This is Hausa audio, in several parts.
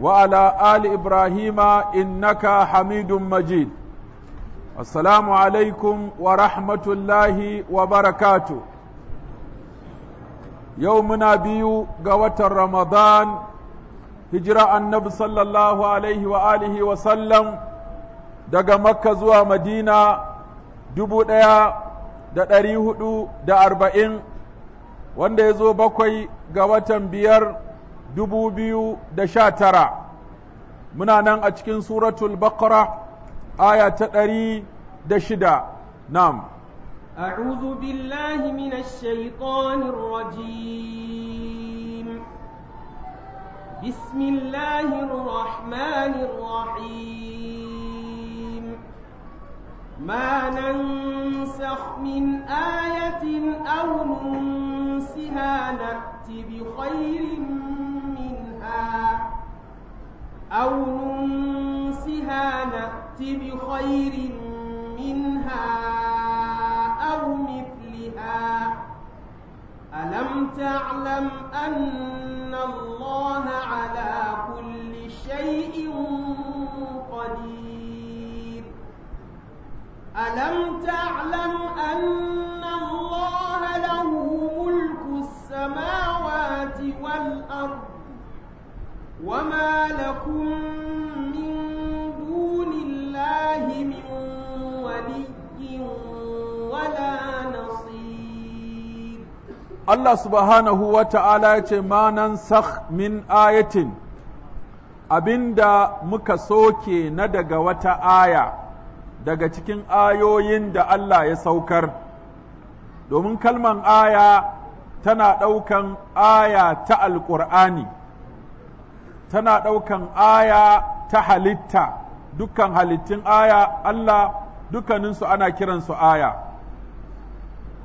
وعلى آل إبراهيم إنك حميد مجيد السلام عليكم ورحمة الله وبركاته يومنا بيو قوة رمضان هجرة النبي صلى الله عليه وآله وسلم دق مكة زوى مدينة دبو ديا دا دريه دا أربعين وان يزو بكوي قوة بيار dubu biyu da sha tara muna nan a cikin suratul baqara aya ta ɗari da shida nam أعوذ بالله من الشيطان الرجيم بسم الله الرحمن الرحيم ما ننسخ من آية أو ننسها نأت بخير أو ننسها نأت بخير منها أو مثلها ألم تعلم أن الله على كل شيء قدير ألم تعلم أن وما لكم من دون الله من ولي ولا نصير الله سبحانه وتعالى ما ننسخ من آية abinda muka soke na daga wata aya daga cikin ayoyin da Allah ya saukar domin kalman aya tana ɗaukan aya ta alƙur'ani tana ɗaukan aya ta halitta dukkan halittun aya Allah dukkaninsu ana kiransu aya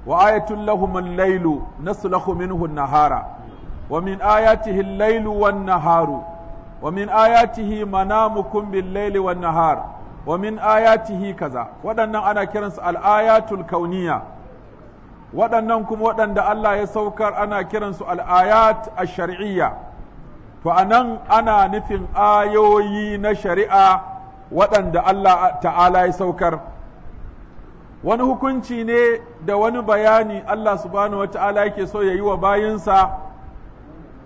wa ayatun lahum lailu naslahu minhu an-nahara wa min ayatihi lailu wan-naharu wa min ayatihi manamukum bil-laili wan-nahar wa min ayatihi kaza waɗannan ana kiransu al-ayatul waɗannan kuma waɗanda Allah ya saukar ana kiransu al'ayat a ash-shar'iyya to anan ana nufin ayoyi na shari'a waɗanda Allah ta'ala ya saukar wani hukunci ne da wani bayani Allah subhanahu wa ta'ala yake so ya yi wa bayinsa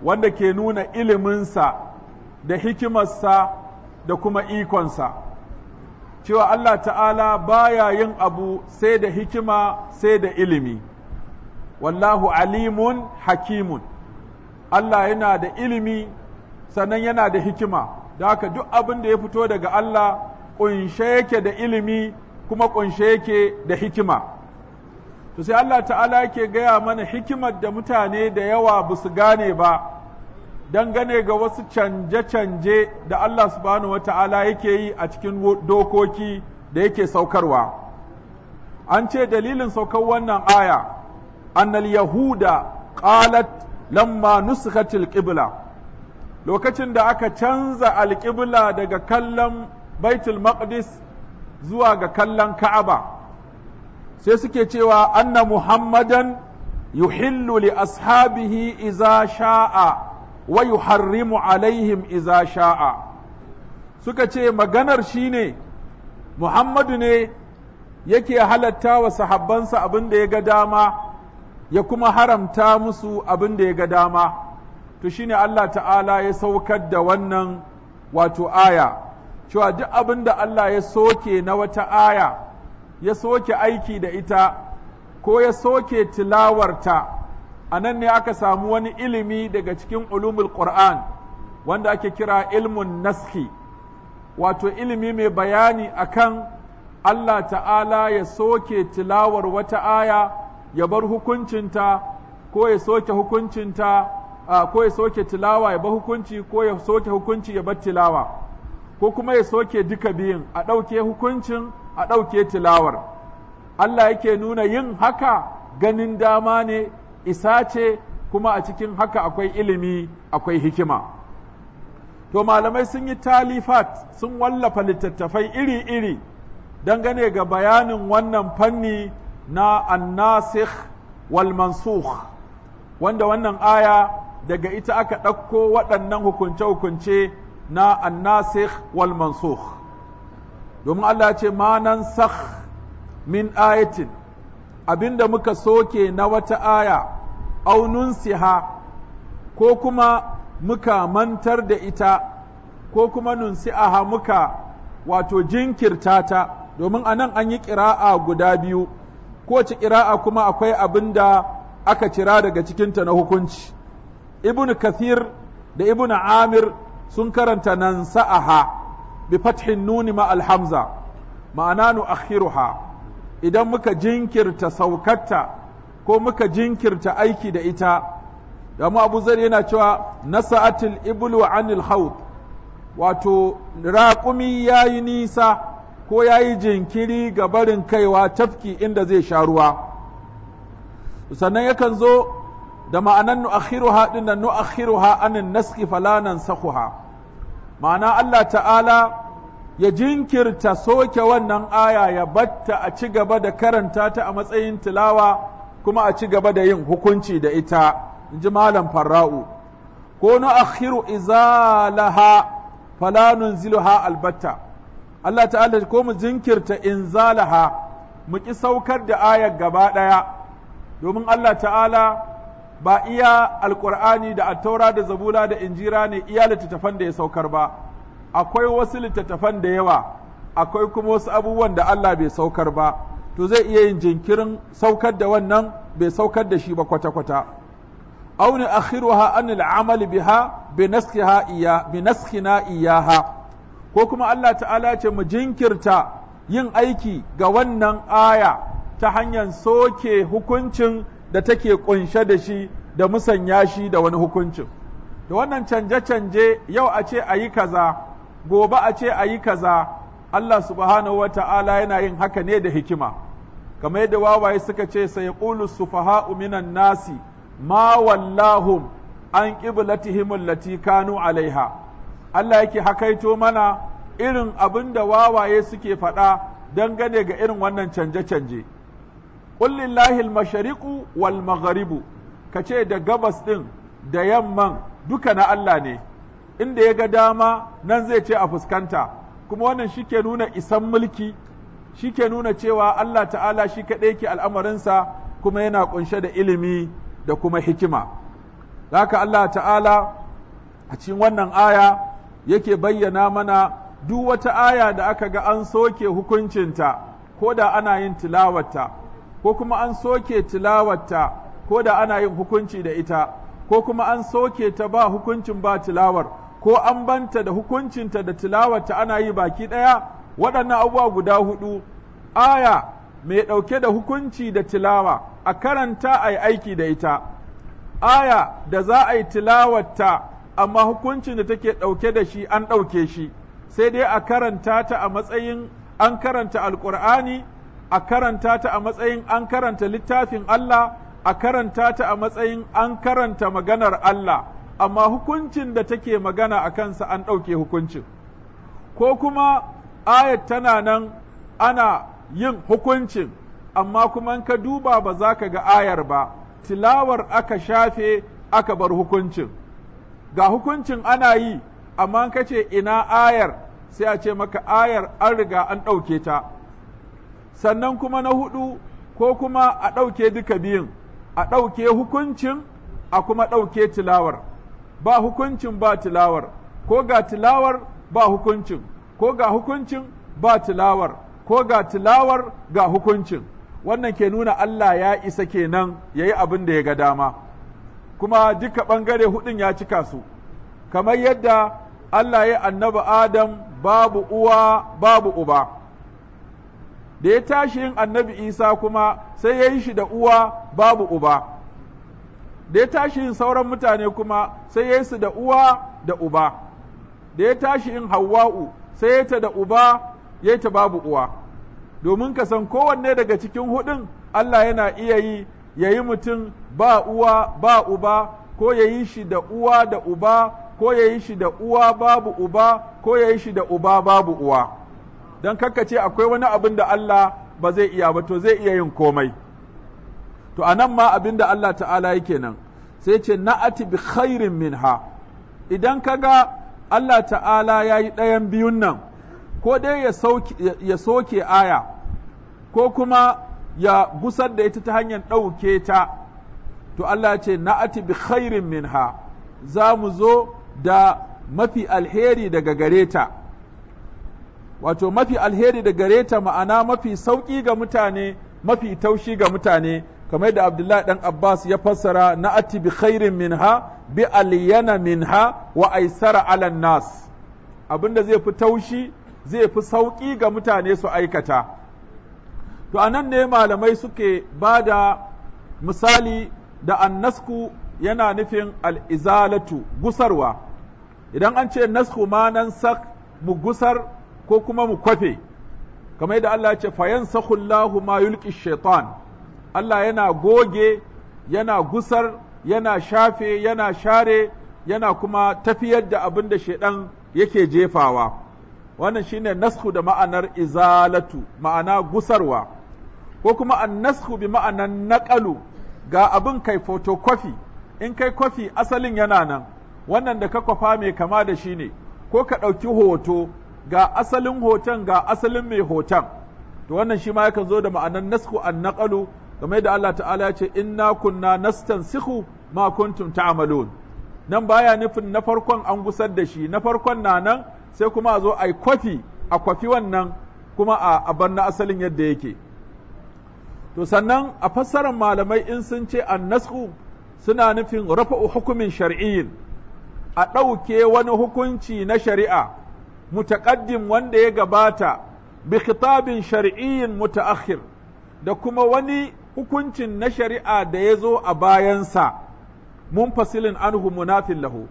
wanda ke nuna iliminsa da hikimarsa da kuma ikonsa cewa Allah ta'ala baya yin abu sai da hikima sai da ilimi wallahu alimun hakimun Allah yana da ilimi sannan yana da hikima da haka duk abin da ya fito daga Allah ƙunshe yake da ilimi kuma ƙunshe yake da hikima to sai Allah ta'ala yake gaya mana hikimar da mutane da yawa ba su gane ba dangane ga wasu canje-canje da Allah subhanahu ta'ala yake yi a cikin dokoki da yake saukarwa an ce dalilin saukar wannan aya annal yahuda qalat lamma nusikhatil qibla lokacin da aka canza alƙibla daga kallon baitul maqdis zuwa ga kallon ka'aba sai suke cewa anna muhammadan yuhillu li ashabihi iza sha'a wa yuharrimu alaihim iza sha'a suka ce maganar shine muhammadu ne yake halatta wa sahabbansa abin da ya ga dama ya kuma haramta musu abin da ya ga dama to shine Allah ta'ala ya saukar da wannan wato aya cewa duk abin da Allah ya soke na wata aya ya soke aiki da ita ko ya soke tilawarta a nan ne aka samu wani ilimi daga cikin ulumul Qur'an wanda ake kira ilmun naski wato ilimi mai bayani akan Allah ta'ala ya soke tilawar wata aya ya bar hukuncinta ko ya soke hukuncinta ko ya soke tilawa ya ba hukunci ko ya soke hukunci ya bar tilawa ko kuma ya soke duka biyun a ɗauke hukuncin a ɗauke tilawar Allah yake nuna yin haka ganin dama ne isa ce kuma a cikin haka akwai ilimi akwai hikima to malamai sun yi talifat sun wallafa littattafai iri-iri dangane ga bayanin wannan fanni na annasik wal mansukh wanda wannan aya daga ita aka ɗauko waɗannan hukunce-hukunce na annasikh wal mansukh domin Allah ce ma nan sakh min ayatin abinda muka soke na wata aya aunun siha ko kuma muka mantar da ita ko kuma nunsi'aha muka wato jinkirta ta domin a nan an yi ƙira'a guda biyu kowace ƙira'a kuma akwai abin da aka cira daga cikinta na hukunci Ibnu kathir da Ibnu amir sun karanta nan sa'aha bi fathin nuni ma alhamza ma'ana nu akhiruha idan muka jinkirta saukatta ko muka jinkirta aiki da ita amma abu zar yana cewa nasa'atil iblu anil haud wato raƙumi yayi nisa ko yayi jinkiri ga barin kaiwa tafki inda zai sha ruwa sannan yakan zo da ma'anan nu'akhiruha din nan nu'akhiruha anin naskhi falanan sakuha ma'ana Allah ta'ala ya jinkirta soke wannan aya ya batta a ci gaba da karanta ta a matsayin tilawa kuma a ci gaba da yin hukunci da ita in ji malam farra'u ko nu'akhiru izalaha fala nunziluha albatta Allah ta'ala ko mu jinkirta inzalaha mu ki saukar da ayar gaba ɗaya domin Allah ta'ala ba iya alkur'ani da attaura da Zabula da injira ne iya littattafan da ya saukar ba akwai wasu littattafan da yawa akwai kuma wasu abubuwan da Allah bai saukar ba to zai iya yin jinkirin saukar da wannan bai saukar da shi ba kwata-kwata aw ni akhiruha an al'amali biha bi naskiha iya bi naskina iyaha ko kuma Allah ta'ala ce mu jinkirta yin aiki ga wannan aya ta hanyar soke hukuncin da take kunshe da shi da musanya shi da wani hukuncin da wannan canje-canje yau a ce a yi kaza gobe a ce a yi kaza Allah subhanahu wa ta'ala yana yin haka ne da hikima kamar yadda wawaye suka ce sai qulu sufaha'u minan nasi ma wallahum an qiblatihim allati kanu alaiha Allah yake hakaito mana irin abin da wawaye suke faɗa dangane ga irin wannan canje-canje. qul lillahi al-mashariqu wal maghribu kace da gabas din da yamman duka na Allah ne inda ya ga dama nan zai ce a fuskanta kuma wannan shike nuna isan mulki shike nuna cewa Allah ta'ala shi kaɗai ke al'amarinsa kuma yana kunshe da ilimi da kuma hikima haka Allah ta'ala a cikin wannan aya yake bayyana mana duk wata aya da aka ga an soke hukuncinta ko da ana yin tilawarta ko kuma an soke tilawarta ko da ana yin hukunci da ita ko kuma an soke ta ba hukuncin ba tilawar ko an banta da hukuncinta da tilawarta ana yi baki ɗaya waɗannan abubuwa guda huɗu aya mai ɗauke da hukunci da tilawa a karanta a yi aiki da ita aya da za a yi tilawarta amma hukuncin da take ɗauke da shi an ɗauke shi sai dai a karanta ta a matsayin an karanta Alkur'ani. a karanta ta a matsayin an karanta littafin Allah, a karanta ta a matsayin an karanta maganar Allah, amma hukuncin da take magana a kansa an ɗauke hukuncin. Ko kuma ayat tana nan ana yin hukuncin, amma kuma ka duba ba za ka ga ayar ba, tilawar aka shafe aka bar hukuncin. Ga hukuncin ana yi, amma ka ce ina ayar, sai a ce maka ayar an riga an ɗauke ta. sannan kuma na hudu ko kuma a ɗauke duka biyun a ɗauke hukuncin a kuma ɗauke tilawar ba hukuncin ba tilawar ko ga tilawar ba hukuncin ko ga hukuncin ba tilawar ko ga tilawar ga hukuncin wannan ke nuna Allah ya isa kenan ya yi abin da ya ga dama kuma duka ɓangare hudun ya cika su kamar yadda Allah ya annaba Adam babu uwa babu uba da ya tashi yin annabi isa kuma sai ya yi shi da uwa babu uba da ya tashi yin sauran mutane kuma sai ya yi su da uwa da uba da ya tashi yin hawa'u sai ya ta da uba ya ta babu uwa domin ka san kowanne daga cikin hudun Allah yana iya yi ya yi mutum ba uwa ba uba ko ya yi shi da uwa da uba ko ya yi shi da uwa babu uba ko ya yi shi da uba babu uwa don ce akwai wani abin da Allah ba zai iya ba to zai iya yin komai to a nan ma abin da Allah ta'ala yake nan sai ce na'ati bi khairin minha idan ka ga Allah ta'ala ya yi ɗayan biyun nan ko dai ya soke aya ko kuma ya gusar da ita ta hanyar ɗauke ta to Allah ce na'ati bi khairin minha za mu zo da mafi alheri daga gare ta wato mafi alheri da gare ta ma'ana mafi sauƙi ga mutane mafi taushi ga mutane kamar yadda Abdullahi dan Abbas ya fassara na ati bi khairin minha bi alyana minha wa aisara ala nas abinda zai fi taushi zai fi sauƙi ga mutane su aikata to anan ne malamai suke ba da misali da annasku yana nufin al'izalatu gusarwa idan an ce nasku ma nan sak mu gusar ko kuma mu kwafe kamar yadda Allah ce fayan lahu ma yulki shaitan Allah yana goge yana gusar yana shafe yana share yana kuma tafiyar da abin da shaidan yake jefawa wannan shi ne nasku da ma'anar izalatu ma'ana gusarwa ko kuma an nasku bi ma'anan naƙalu ga abin kai kwafi in kai kwafi asalin yana nan wannan da ka kwafa mai kama da shi ne ko ka ɗauki hoto ga asalin hoton ga asalin mai hoton to wannan shi ma yakan zo da ma'anar nasku an naqalu game da Allah ta'ala ya ce inna kunna nastansikhu ma kuntum ta'malun nan baya nufin na farkon an gusar da shi na farkon na nan sai kuma a zo ai kwafi a kwafi wannan kuma a abar na asalin yadda yake to sannan a fassarar malamai in sun ce an nasku suna nufin rafa'u hukumin shar'iyyin a ɗauke wani hukunci na shari'a mutaqaddim wanda ya gabata bi khitabin shar'iyyin da kuma wani hukuncin na shari'a da ya zo a bayansa munfasilin anhu munafin lahu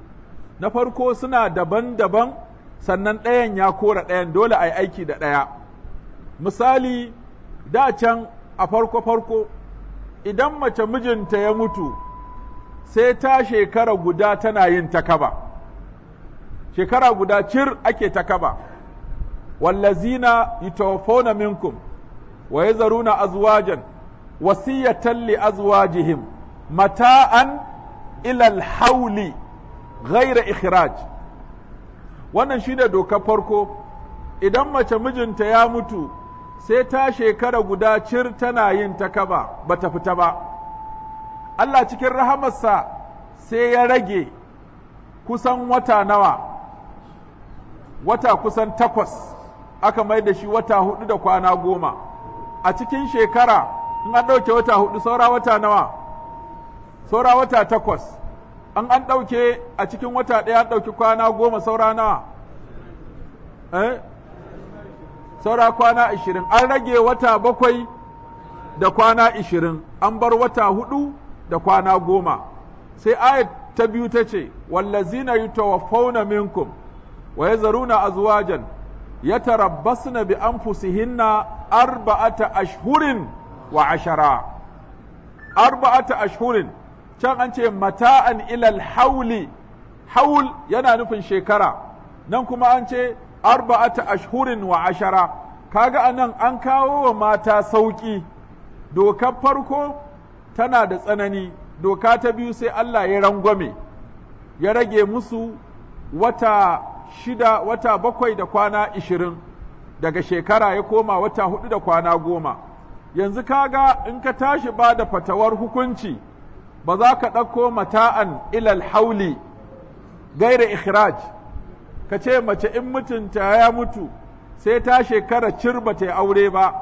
na farko suna daban-daban sannan ɗayan ya kora ɗayan dole a yi aiki da ɗaya misali da can a farko-farko idan mace mijinta ya mutu sai ta shekara guda tana yin takaba shekara guda cir ake ta kaba wallazina yatawafuna minkum wa yazaruna azwajan wasiyatan li azwajihim mata'an ila alhawli ghayra ikhraj wannan shine doka farko idan mace mijinta ya mutu sai ta shekara guda cir tana yin ta kaba bata fita ba Allah cikin rahamarsa sai ya rage kusan wata nawa wata kusan takwas aka mai da shi wata hudu da kwana goma a cikin shekara in an ɗauke wata hudu saura wata nawa saura wata takwas an an ɗauke a cikin wata ɗaya an ɗauki kwana goma saura nawa eh? saura kwana ashirin an rage wata bakwai da kwana ashirin an bar wata hudu da kwana goma sai ayat ta biyu ta ce wallazina yutawaffawna minkum wa yazaruna azwajan yatarabbasna bi anfusihinna arba'ata ashhurin wa ashara arba'ata ashhurin can an ce mata'an ilal hauli haul yana nufin shekara nan kuma an ce arba'ata ashhurin wa ashara kaga anan an kawo wa mata sauki dokar farko tana da tsanani doka ta biyu sai Allah ya rangwame ya rage musu wata shida wata bakwai da kwana ishirin daga shekara ya koma wata hudu da kwana goma yanzu kaga in ka tashi ba da fatawar hukunci ba za ka ɗauko mata'an ilal hauli gaira ikhraj ka ce mace in mutunta ya mutu sai ta shekara cir ba ta aure ba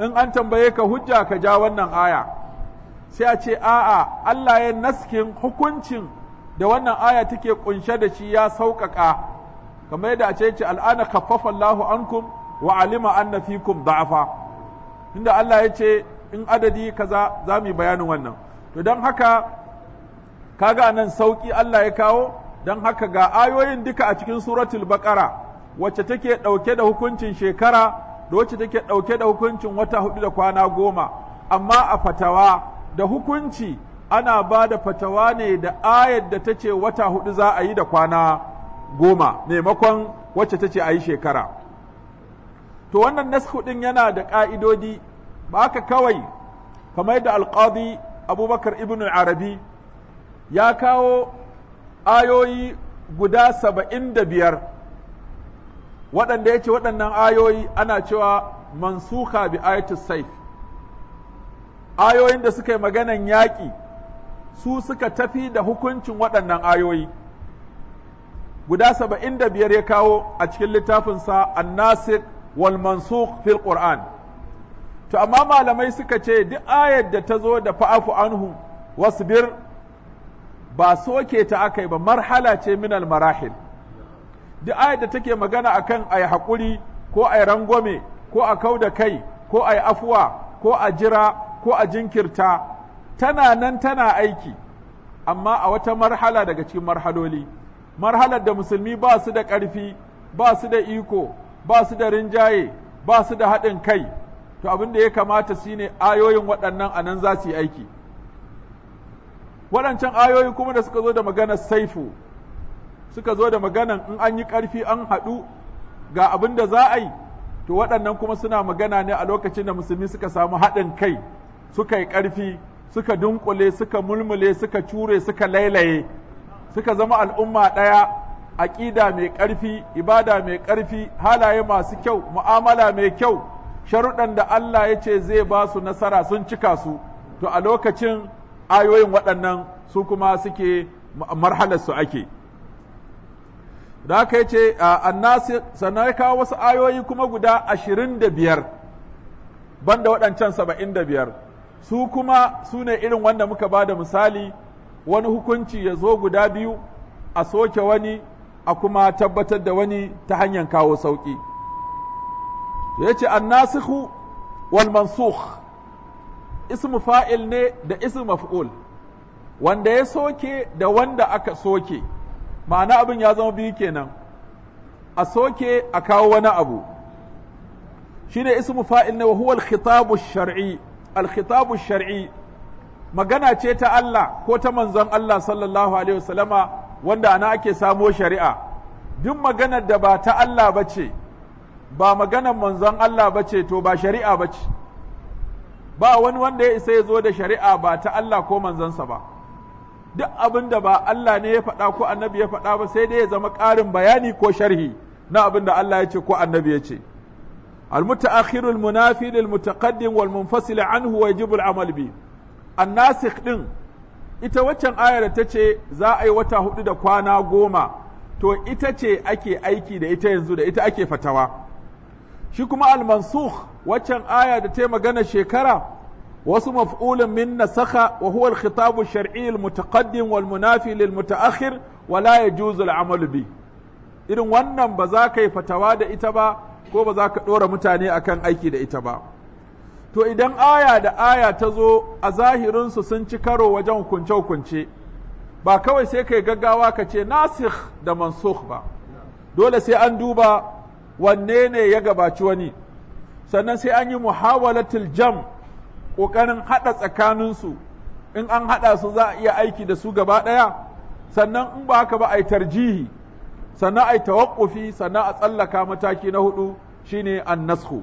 in an tambaye ka hujja ka ja wannan aya sai a ce a'a Allah ya naskin hukuncin da wannan aya take kunshe da shi ya sauƙaƙa kamar yadda a ce ce al'ana kaffafa Allahu ankum wa alima anna fikum da'afa inda Allah ya ce in adadi kaza za mu yi bayanin wannan to don haka kaga nan sauƙi Allah ya kawo don haka ga ayoyin duka a cikin suratul bakara wacce take ɗauke da hukuncin shekara da wacce take ɗauke da hukuncin wata hudu da kwana goma amma a fatawa da hukunci ana ba da fatawa ne da ayar da ta ce wata hudu za a yi da kwana goma maimakon wacce ta ce a yi shekara to wannan nasku ɗin yana da ƙa'idodi ba aka kawai kamar da alƙadi abubakar ibn arabi ya kawo ayoyi guda saba'in da biyar waɗanda ya ce waɗannan ayoyi ana cewa mansuka bi ayatul saif ayoyin da suka yi maganan yaƙi su suka tafi da hukuncin waɗannan ayoyi guda saba'in da biyar ya kawo a cikin littafinsa annasik wal mansuk fil qur'an to amma malamai suka ce duk ayar da ta zo da fa'afu anhu wasu bir ba soke ta aka yi ba marhala ce minal marahil duk ayar da take magana akan ayi haƙuri ko ayi rangwame ko a kau da kai ko ayi afuwa ko a jira ko a jinkirta tana nan tana aiki amma a wata marhala daga cikin marhaloli marhalar da musulmi ba su da ƙarfi ba su da iko ba su da rinjaye ba su da haɗin kai to abin da ya kamata shine ayoyin waɗannan a nan za su yi aiki waɗancan ayoyi kuma da suka zo da maganar saifu suka zo da maganan in an yi ƙarfi an haɗu ga abin da za a yi to waɗannan kuma suna magana ne a lokacin da musulmi suka samu haɗin kai suka yi ƙarfi suka dunkule suka mulmule suka cure suka lailaye suka zama al'umma ɗaya aƙida mai ƙarfi ibada mai ƙarfi halaye masu kyau mu'amala mai kyau sharuɗan da Allah ya ce zai ba su nasara sun cika su to a lokacin ayoyin waɗannan su kuma suke marhalar su ake da aka yace annasi sannan kawo wasu ayoyi kuma guda ashirin da biyar banda waɗancan saba'in da biyar su kuma su ne irin wanda muka ba da misali wani hukunci ya zo guda biyu a soke wani a kuma tabbatar da wani ta hanyar kawo sauƙi ya ce annasikhu wal mansukh ismu fa'il ne da ismu maf'ul wanda ya soke da wanda aka soke ma'ana abin ya zama biyu kenan a soke a kawo wani abu shine ismu fa'il ne wa huwa al-khitabu shar'i al-khitabu shar'i magana ce ta Allah ko ta manzon Allah sallallahu alaihi wasallama wanda ana ake samo shari'a duk maganar da ba ta Allah ba ce ba maganar manzon Allah ba ce to ba shari'a ba ce ba wani wanda ya isa ya zo da shari'a ba ta Allah ko manzansa ba duk abinda ba Allah ne ya faɗa ko annabi ya faɗa ba sai dai ya zama ƙarin bayani ko sharhi na abinda Allah ya ce ko annabi ya ce المتأخر المنافي للمتقدم والمنفصل anhu ويجب العمل به annasik ɗin ita waccan ayar ta ce za a yi wata hudu da kwana goma to ita ce ake aiki da ita yanzu da ita ake fatawa shi kuma al waccan aya da ta magana shekara wasu maf'ulun min nasakha wa huwa al-khitabu shar'i al wal munafi lil mutaakhir wa la yajuzu al bi irin wannan ba za ka yi fatawa da ita ba ko ba za ka dora mutane akan aiki da ita ba to idan aya da aya ta zo a zahirinsu sun ci karo wajen hukunce-hukunce, ba kawai sai kai gaggawa ka ce Nasir da mansukh ba, dole sai an duba wanne ne ya gabaci wani, sannan sai an yi muhawalatul jam ƙoƙarin haɗa tsakaninsu, in an haɗa su za a iya aiki da su gaba ɗaya, sannan in ba haka ba a yi tarjihi, sannan a yi tawakufi, sannan a tsallaka mataki na hudu shine an nasku.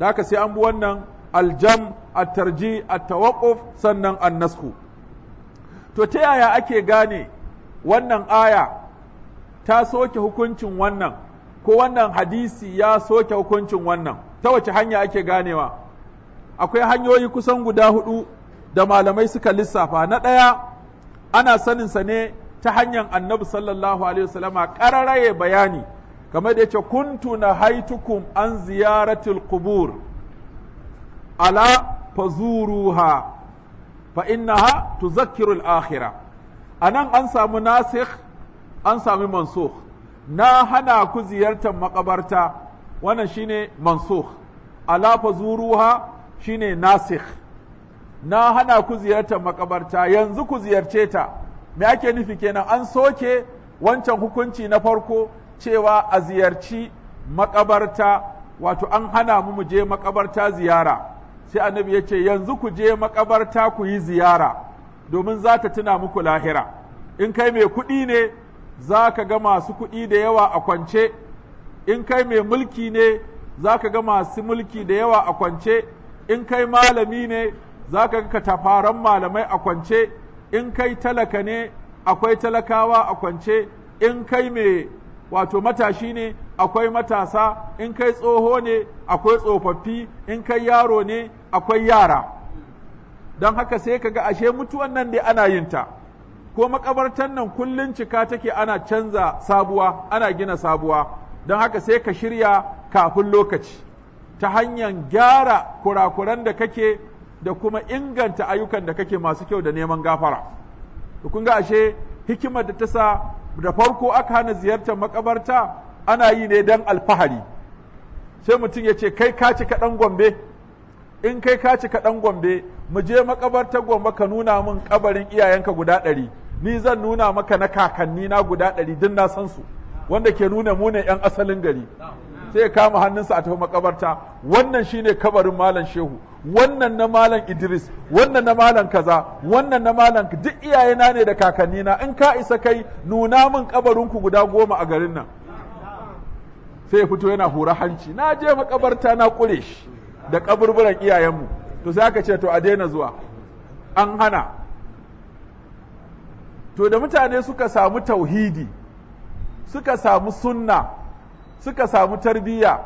Da haka sai an bi wannan aljam Atarji, tarji sannan an to ta yaya ake gane wannan aya ta soke hukuncin wannan ko wannan hadisi ya soke hukuncin wannan ta wace hanya ake ganewa akwai hanyoyi kusan guda hudu da malamai suka lissafa na ɗaya ana sanin sa ne ta hanyar annabi sallallahu alaihi wasallam ƙararaye bayani game da yace kuntu na haitukum an ziyaratul qubur ala fazuruha fa innaha tuzakkiru al-akhirah anan an samu nasikh an sami mansukh na hana ku ziyartar maƙabarta wannan shine mansukh ala fazuruha shine nasikh na hana ku ziyartar makabarta yanzu ku ziyarce ta me ake nufi kenan an soke wancan hukunci na farko cewa a ziyarci maƙabarta wato an hana mu mu je makabarta ziyara sai annabi ya ce yanzu ku je makabarta ku yi ziyara domin za ta tuna muku lahira in kai mai kuɗi ne za ka ga masu kuɗi da yawa a kwance in kai mai mulki ne za ka ga masu mulki da yawa a kwance in kai malami ne za ka ga katafaran malamai a kwance in kai talaka ne akwai talakawa a kwance in kai mai wato matashi ne akwai matasa in kai tsoho ne akwai tsofaffi in kai yaro ne akwai yara don haka sai ka ga ashe mutuwan nan dai ana yin ta ko makabartan nan kullun cika take ana canza sabuwa ana gina sabuwa don haka sai ka shirya kafin lokaci ta hanyar gyara kurakuran da kake da kuma inganta ayyukan da kake masu kyau da neman gafara kun ga ashe hikimar da ta sa da farko aka hana ziyartar makabarta ana yi ne don alfahari sai mutum ya ce kai ka ci kaɗan gombe in kai ka ci kaɗan gombe mu je makabartar gombe ka nuna min kabarin iyayenka guda ɗari ni zan nuna maka na kakanni na guda ɗari din na san su wanda ke nuna mu ne 'yan asalin gari sai ya kama hannunsa a tafi makabarta wannan shine kabarin malam shehu wannan na malam Idris wannan na malam kaza wannan na malam duk iyayena ne da kakannina in ka isa kai nuna min kabarinku guda goma a garin nan sai ya fito yana hura hanci na je makabarta na kure shi da kaburburan iyayenmu to sai aka ce to a daina zuwa an hana to da mutane suka samu tauhidi suka samu sunna suka samu tarbiyya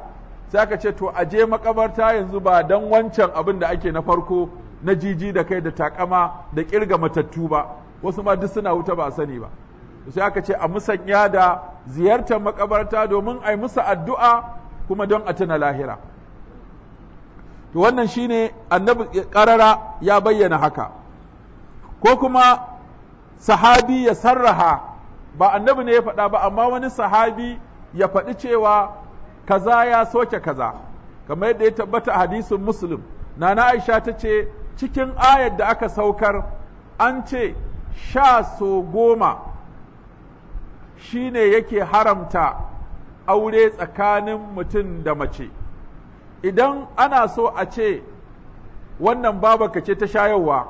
sai aka ce to a je makabarta yanzu ba don wancan abin da ake na farko na jiji da kai da takama da kirga matattu ba wasu ma duk suna wuta ba sani ba sai aka ce a musanya da ziyartar makabarta domin a yi musu addu'a kuma don a tuna lahira to wannan shine annabi karara ya bayyana haka ko kuma sahabi ya sarraha ba annabi ne ya faɗa ba amma wani sahabi ya faɗi cewa kaza ya soke kaza kamar yadda ya tabbata a hadisin muslim nana aisha ta ce cikin ayar da aka saukar an ce sha so goma shine yake haramta aure tsakanin mutum da mace idan ana so a ce wannan babaka ce ta shayarwa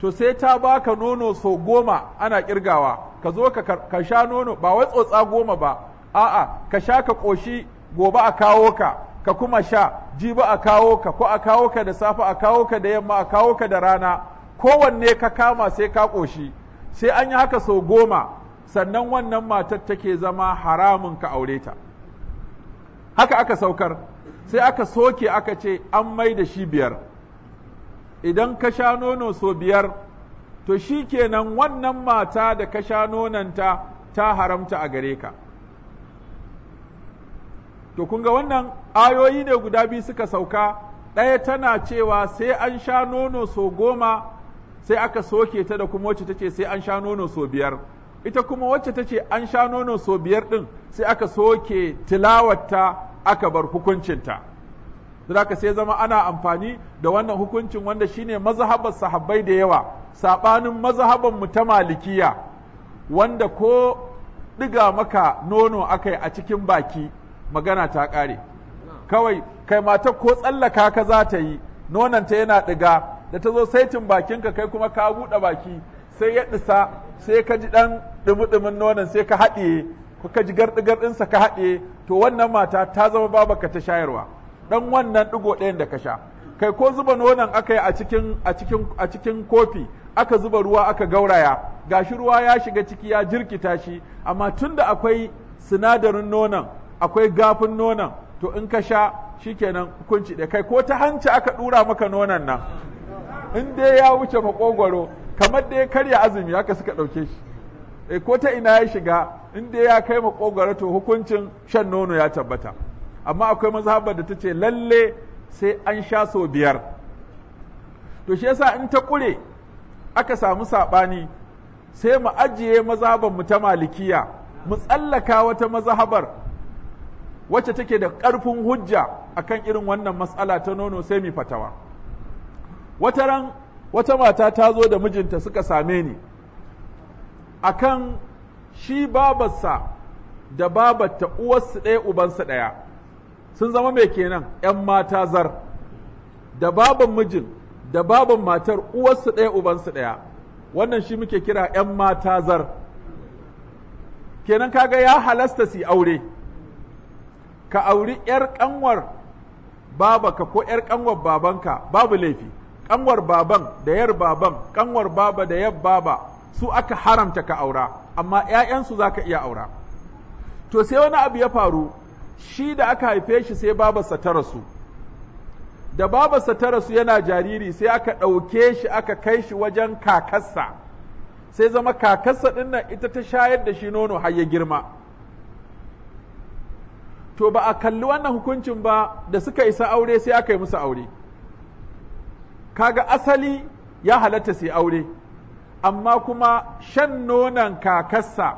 to sai ta baka nono so goma ana kirgawa ka zo ka sha nono ba wai tsotsa goma ba a'a ka sha ka ƙoshi gobe a kawo ka ka kuma sha jibi a kawo ka ko a kawo ka da safe a kawo ka da yamma a kawo ka da rana kowanne ka kama sai ka ƙoshi sai an yi haka sau goma sannan wannan matar take zama haramun ka aure ta haka aka saukar sai aka soke aka ce an mai da shi biyar idan ka sha nono sau biyar to shi kenan wannan mata da ka sha nononta ta haramta a gare ka to kun ga wannan ayoyi ne guda biyu suka sauka ɗaya tana cewa sai an sha nono so goma sai aka soke ta da kuma wacce ta ce sai an sha nono so biyar ita kuma wacce ta ce an sha nono so biyar ɗin sai aka soke tilawarta aka bar hukuncinta Zaka sai zama ana amfani da wannan hukuncin wanda shine mazhabar sahabbai da yawa saɓanin mazhaban mu ta malikiya wanda ko ɗiga maka nono akai a cikin baki magana ta ƙare kawai kai mata ko tsallaka ka za ta yi ta yana ɗiga da ta zo saitin bakinka kai kuma ka buɗe baki sai ya ɗisa sai ka ji ɗan ɗumi-ɗumin nonon sai ka haɗiye ko ka ji garɗi-garɗinsa ka haɗiye to wannan mata ta zama babaka ta shayarwa ɗan wannan ɗigo ɗayan da ka sha kai ko zuba nonon aka yi a cikin a cikin a cikin kofi aka zuba ruwa aka gauraya gashi ruwa ya shiga ciki ya jirkita shi amma tunda akwai sinadarin nonon akwai gafin nonon to in ka sha shi shikenan hukunci da kai ko ta hanci aka dura maka nonon nan in dai ya wuce makogwaro kamar da ya karya azumi haka suka ɗauke shi e ko ta ina ya shiga in dai ya kai makogwaro to hukuncin shan nono ya tabbata amma akwai mazhabar da ta ce lalle sai an sha sau biyar to shi yasa in ta kure aka samu saɓani sai mu ajiye mazhabar mu ta malikiya mu tsallaka wata mazhabar wacce take da ƙarfin hujja a kan irin wannan matsala ta nono sai mi fatawa wata ran wata mata ta zo da mijinta suka same ni A kan shi babarsa da babarta uwarsu ɗaya ubansa ɗaya sun zama mai kenan ‘yan mata zar da baban mijin da baban matar uwarsu ɗaya ubansu ɗaya wannan shi muke kira ‘yan mata zar kenan kaga ya halasta su aure ka auri ‘yar ƙanwar babaka ko ‘yar ƙanwar babanka babu laifi, ƙanwar baban da ‘yar baban, ƙanwar baba da ‘yar baba su aka haramta ka aura, amma ‘ya'yansu za ka iya aura. To sai wani abu ya faru, shi da aka haife shi sai babarsa ta rasu. Da babarsa ta rasu yana jariri sai aka ɗauke shi aka kai shi wajen kakarsa, sai zama kakarsa ɗin ita ta shayar da shi nono har ya girma. to ba a kalli wannan hukuncin ba da suka isa aure sai aka yi musu aure kaga asali ya halatta sai aure amma kuma shan nonon kakarsa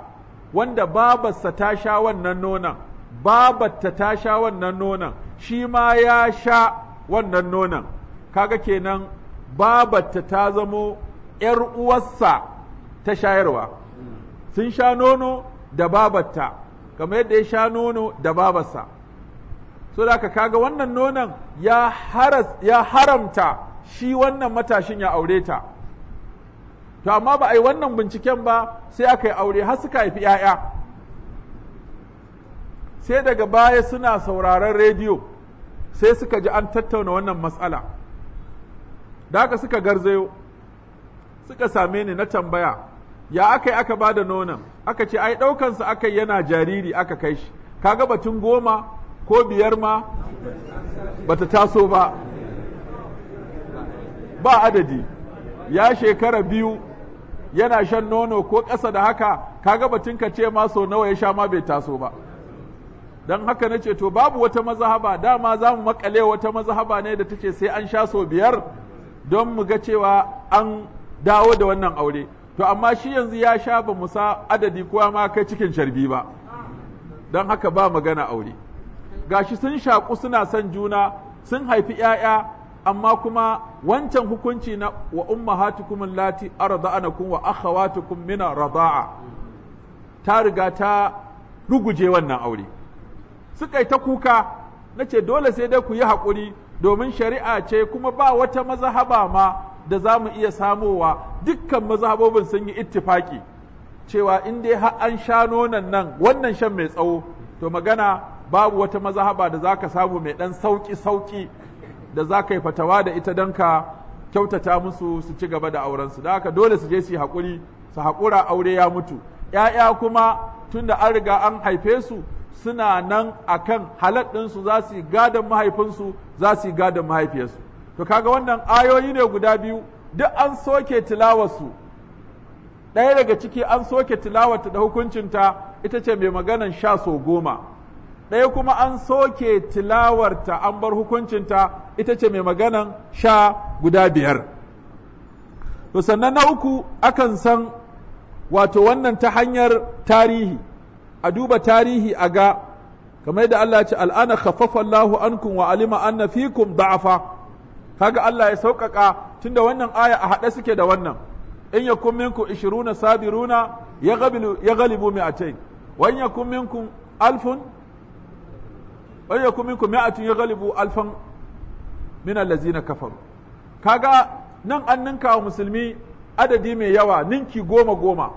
wanda babarsa ta sha wannan nonon babarta ta sha wannan nonon shi ma ya sha wannan nonon kaga kenan babarta ta zamo ƴar uwarsa ta shayarwa sun sha nono da babarta kamar yadda ya sha nono da babarsa so da kaga wannan nonon ya, haramta shi wannan matashin ya aure ta to amma ba a yi wannan binciken ba sai aka yi aure har suka haifi 'ya'ya sai daga baya suna sauraron rediyo sai suka ji an tattauna wannan matsala da aka suka garzayo suka same ni na tambaya ya aka yi aka ba da nonon aka ce ai ɗaukansa aka yana jariri aka kai shi kaga batun goma ko biyar ma bata taso ba ba adadi ya shekara biyu yana shan nono ko ƙasa da haka kaga batun ka ce ma sau nawa ya sha ma bai taso ba don haka na ce to babu wata mazahaba dama za mu makale wata mazahaba ne da ta ce sai an sha sau biyar don mu ga cewa an dawo da wannan aure to amma shi yanzu ya sha ba musa adadi kowa ma kai cikin sharbi ba don haka ba magana aure gashi sun shaƙu suna son juna sun haifi ‘ya'ya amma kuma wancan hukunci na wa ummahatukum lati arda'anakum wa akhawatukum mina raza’a, ta riga ta ruguje wannan aure suka yi ta kuka na ce dole sai dai ku yi haƙuri domin shari'a ce kuma ba wata mazahaba ma da za mu iya samowa dukkan mazhabobin sun yi ittifaki cewa in dai har an sha nonon nan wannan shan mai tsawo to magana babu wata mazhaba da za ka samu mai ɗan sauki sauƙi da za ka yi fatawa da ita don ka kyautata musu su ci gaba da aurensu da haka dole su je su yi haƙuri su hakura aure ya mutu ‘ya'ya kuma tun da an riga an haife su suna nan akan halal ɗinsu za su yi gadon mahaifinsu za su yi gadon mahaifiyarsu to kaga wannan ayoyi ne guda biyu duk an soke tilawarsu ɗaya daga ciki an soke tilawarta da hukuncinta ita ce mai maganan sha so goma ɗaya kuma an soke tilawarta an bar hukuncinta ita ce mai maganan sha guda biyar to sannan na uku akan san wato wannan ta hanyar tarihi a duba tarihi a ga kamar da Allah ce al'ana khaffafa Allahu ankum wa alima anna fikum da'afa kaga Allah ya sauƙaƙa tunda wannan aya a haɗe suke da wannan in ya kun minku ishiruna sabiruna ya galibu mi'atayn wani ya kun minku alfun wa in yakun minkum mi'atun galibu alfan min na kafaru kaga nan an ninka wa musulmi adadi mai yawa ninki goma goma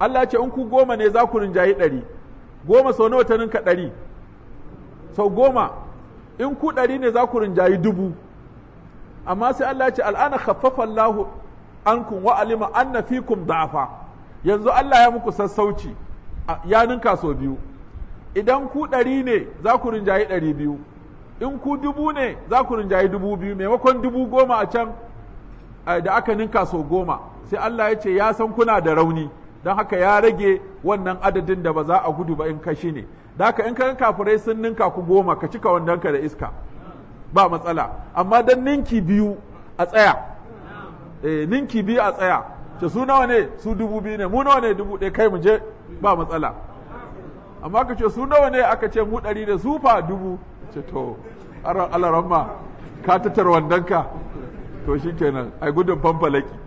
Allah ya ce in ku goma ne za ku rinjayi ɗari goma sau nawa ta ninka ɗari sau goma in ku ɗari ne za ku rinjayi dubu amma sai Allah ya ce al'ana khaffafa Allahu ankum wa alima anna fikum da'afa yanzu Allah ya muku sassauci ya ninka so biyu idan ku ɗari ne za ku rinjayi ɗari biyu in ku dubu ne za ku rinjayi dubu biyu maimakon dubu goma a can da aka ninka so goma sai Allah ya ce ya san kuna da rauni don haka ya rage wannan adadin da ba za a gudu ba in kashi ne da haka in ka kafirai sun ninka ku goma ka cika wannan ka da iska ba matsala amma dan ninki biyu a tsaya eh ninki biyu a tsaya ce su nawa ne su dubu biyu ne mu nawa ne dubu ɗaya kai mu je ba matsala amma ka ce su nawa ne aka ce mu ɗari da su fa dubu ce to ma, ka tatar wandonka to shi kenan ai gudun fanfalaki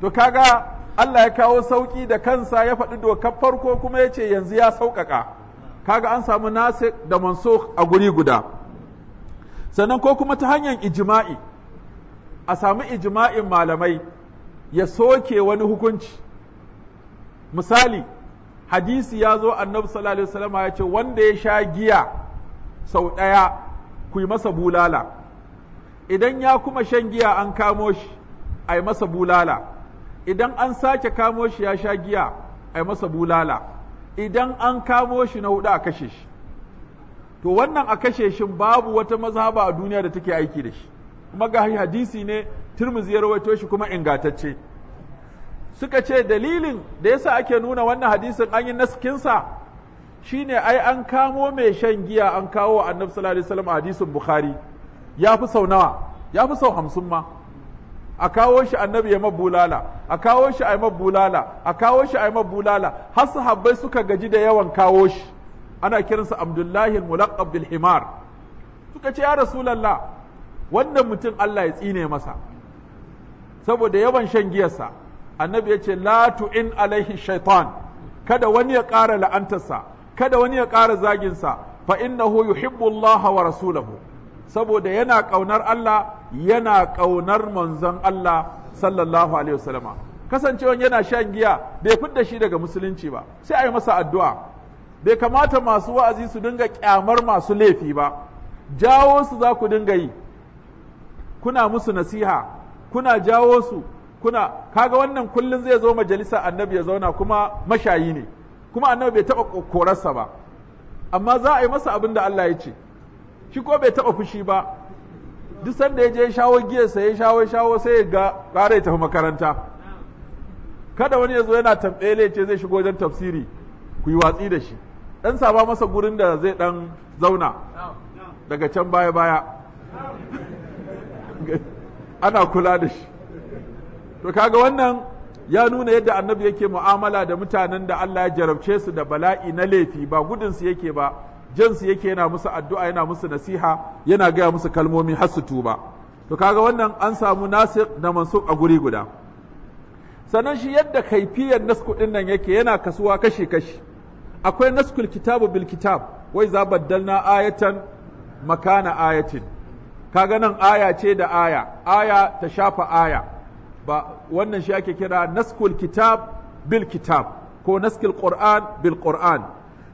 to kaga Allah ya kawo sauƙi da kansa ya faɗi dokar farko kuma ya ce yanzu ya sauƙaƙa kaga an samu nasi da mansukh a guri guda sannan ko kuma ta hanyar ijima'i a sami ijima'in malamai ya soke wani hukunci misali hadisi ya zo annabi sallallahu alaihi wasallam ya ce wanda ya sha giya sau ɗaya ku yi masa bulala idan ya kuma shan giya an kamo shi a masa bulala idan an sake kamo shi ya sha giya a masa bulala idan an kamo shi na huɗu, a kashe shi to wannan a kashe shi babu wata mazhaba a duniya da take aiki da shi kuma ga hadisi ne Tirmidhi ya rawaito shi kuma ingantacce. suka ce dalilin da yasa ake nuna wannan hadisin an yi naskinsa shine ai an kamo mai shan giya an kawo annabi sallallahu alaihi wasallam hadisin bukhari ya fi sau nawa ya fi sau hamsin ma a kawo shi annabi ya mabulala a kawo shi a mabulala a kawo shi a mabulala har sahabbai suka gaji da yawan kawo shi ana kiransa Abdullahi al-Mulaqab bil Himar suka ce ya Rasulullah wannan mutum Allah ya tsine masa saboda yawan shan giyarsa annabi ya ce la tu'in alaihi shaitan kada wani ya ƙara la'antarsa kada wani ya ƙara zaginsa fa innahu yuhibbu Allah wa rasulahu saboda yana ƙaunar Allah yana ƙaunar manzon Allah sallallahu alaihi wasallama kasancewan yana shan giya bai fidda shi daga musulunci ba sai a yi masa addu'a bai kamata masu wa'azi su dinga kyamar masu laifi ba jawo su za ku dinga yi kuna musu nasiha kuna jawo su kuna kaga wannan kullum zai zo majalisa annabi ya zauna kuma mashayi ne kuma annabi bai taɓa korarsa ba amma za a yi masa abin da Allah ya ce shi ko bai taɓa fushi ba duk sanda ya je shawo giyarsa ya shawo shawo sai ya ga ƙara ya tafi makaranta kada wani ya zo yana tambele ce zai shigo wajen tafsiri ku yi watsi da shi dan saba masa gurin da zai dan zauna daga can baya baya ana kula da shi to kaga wannan ya nuna yadda annabi yake mu'amala da mutanen da Allah ya jarabce su da bala'i na laifi ba gudunsu yake ba jansu yake yana musu addu'a yana musu nasiha yana gaya musu kalmomi har su tuba to kaga wannan an samu nasir da mansukh a guri guda sannan shi yadda kaifiyar nasku din nan yake yana kasuwa kashi kashi akwai naskul kitabu bil kitab wai za baddalna ayatan makana ayatin kaga nan aya ce da aya aya ta shafa aya ba wannan shi ake kira naskul kitab bil kitab ko naskil qur'an bil qur'an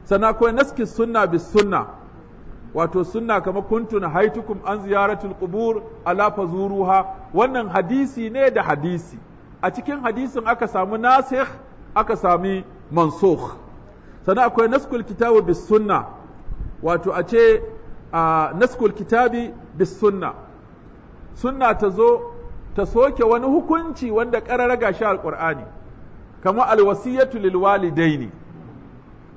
sannan akwai naskil sunna bis sunna wato sunna kamar kuntun haitukum an ziyaratul qubur ala fazuruha wannan hadisi ne da hadisi a cikin hadisin aka samu nasikh aka sami mansukh sannan akwai naskul kitabu bis sunna wato a ce naskul kitabi bis sunna sunna ta zo ta soke wani hukunci wanda ƙararraga shi alƙur'ani kamar alwasiyatu lil walidaini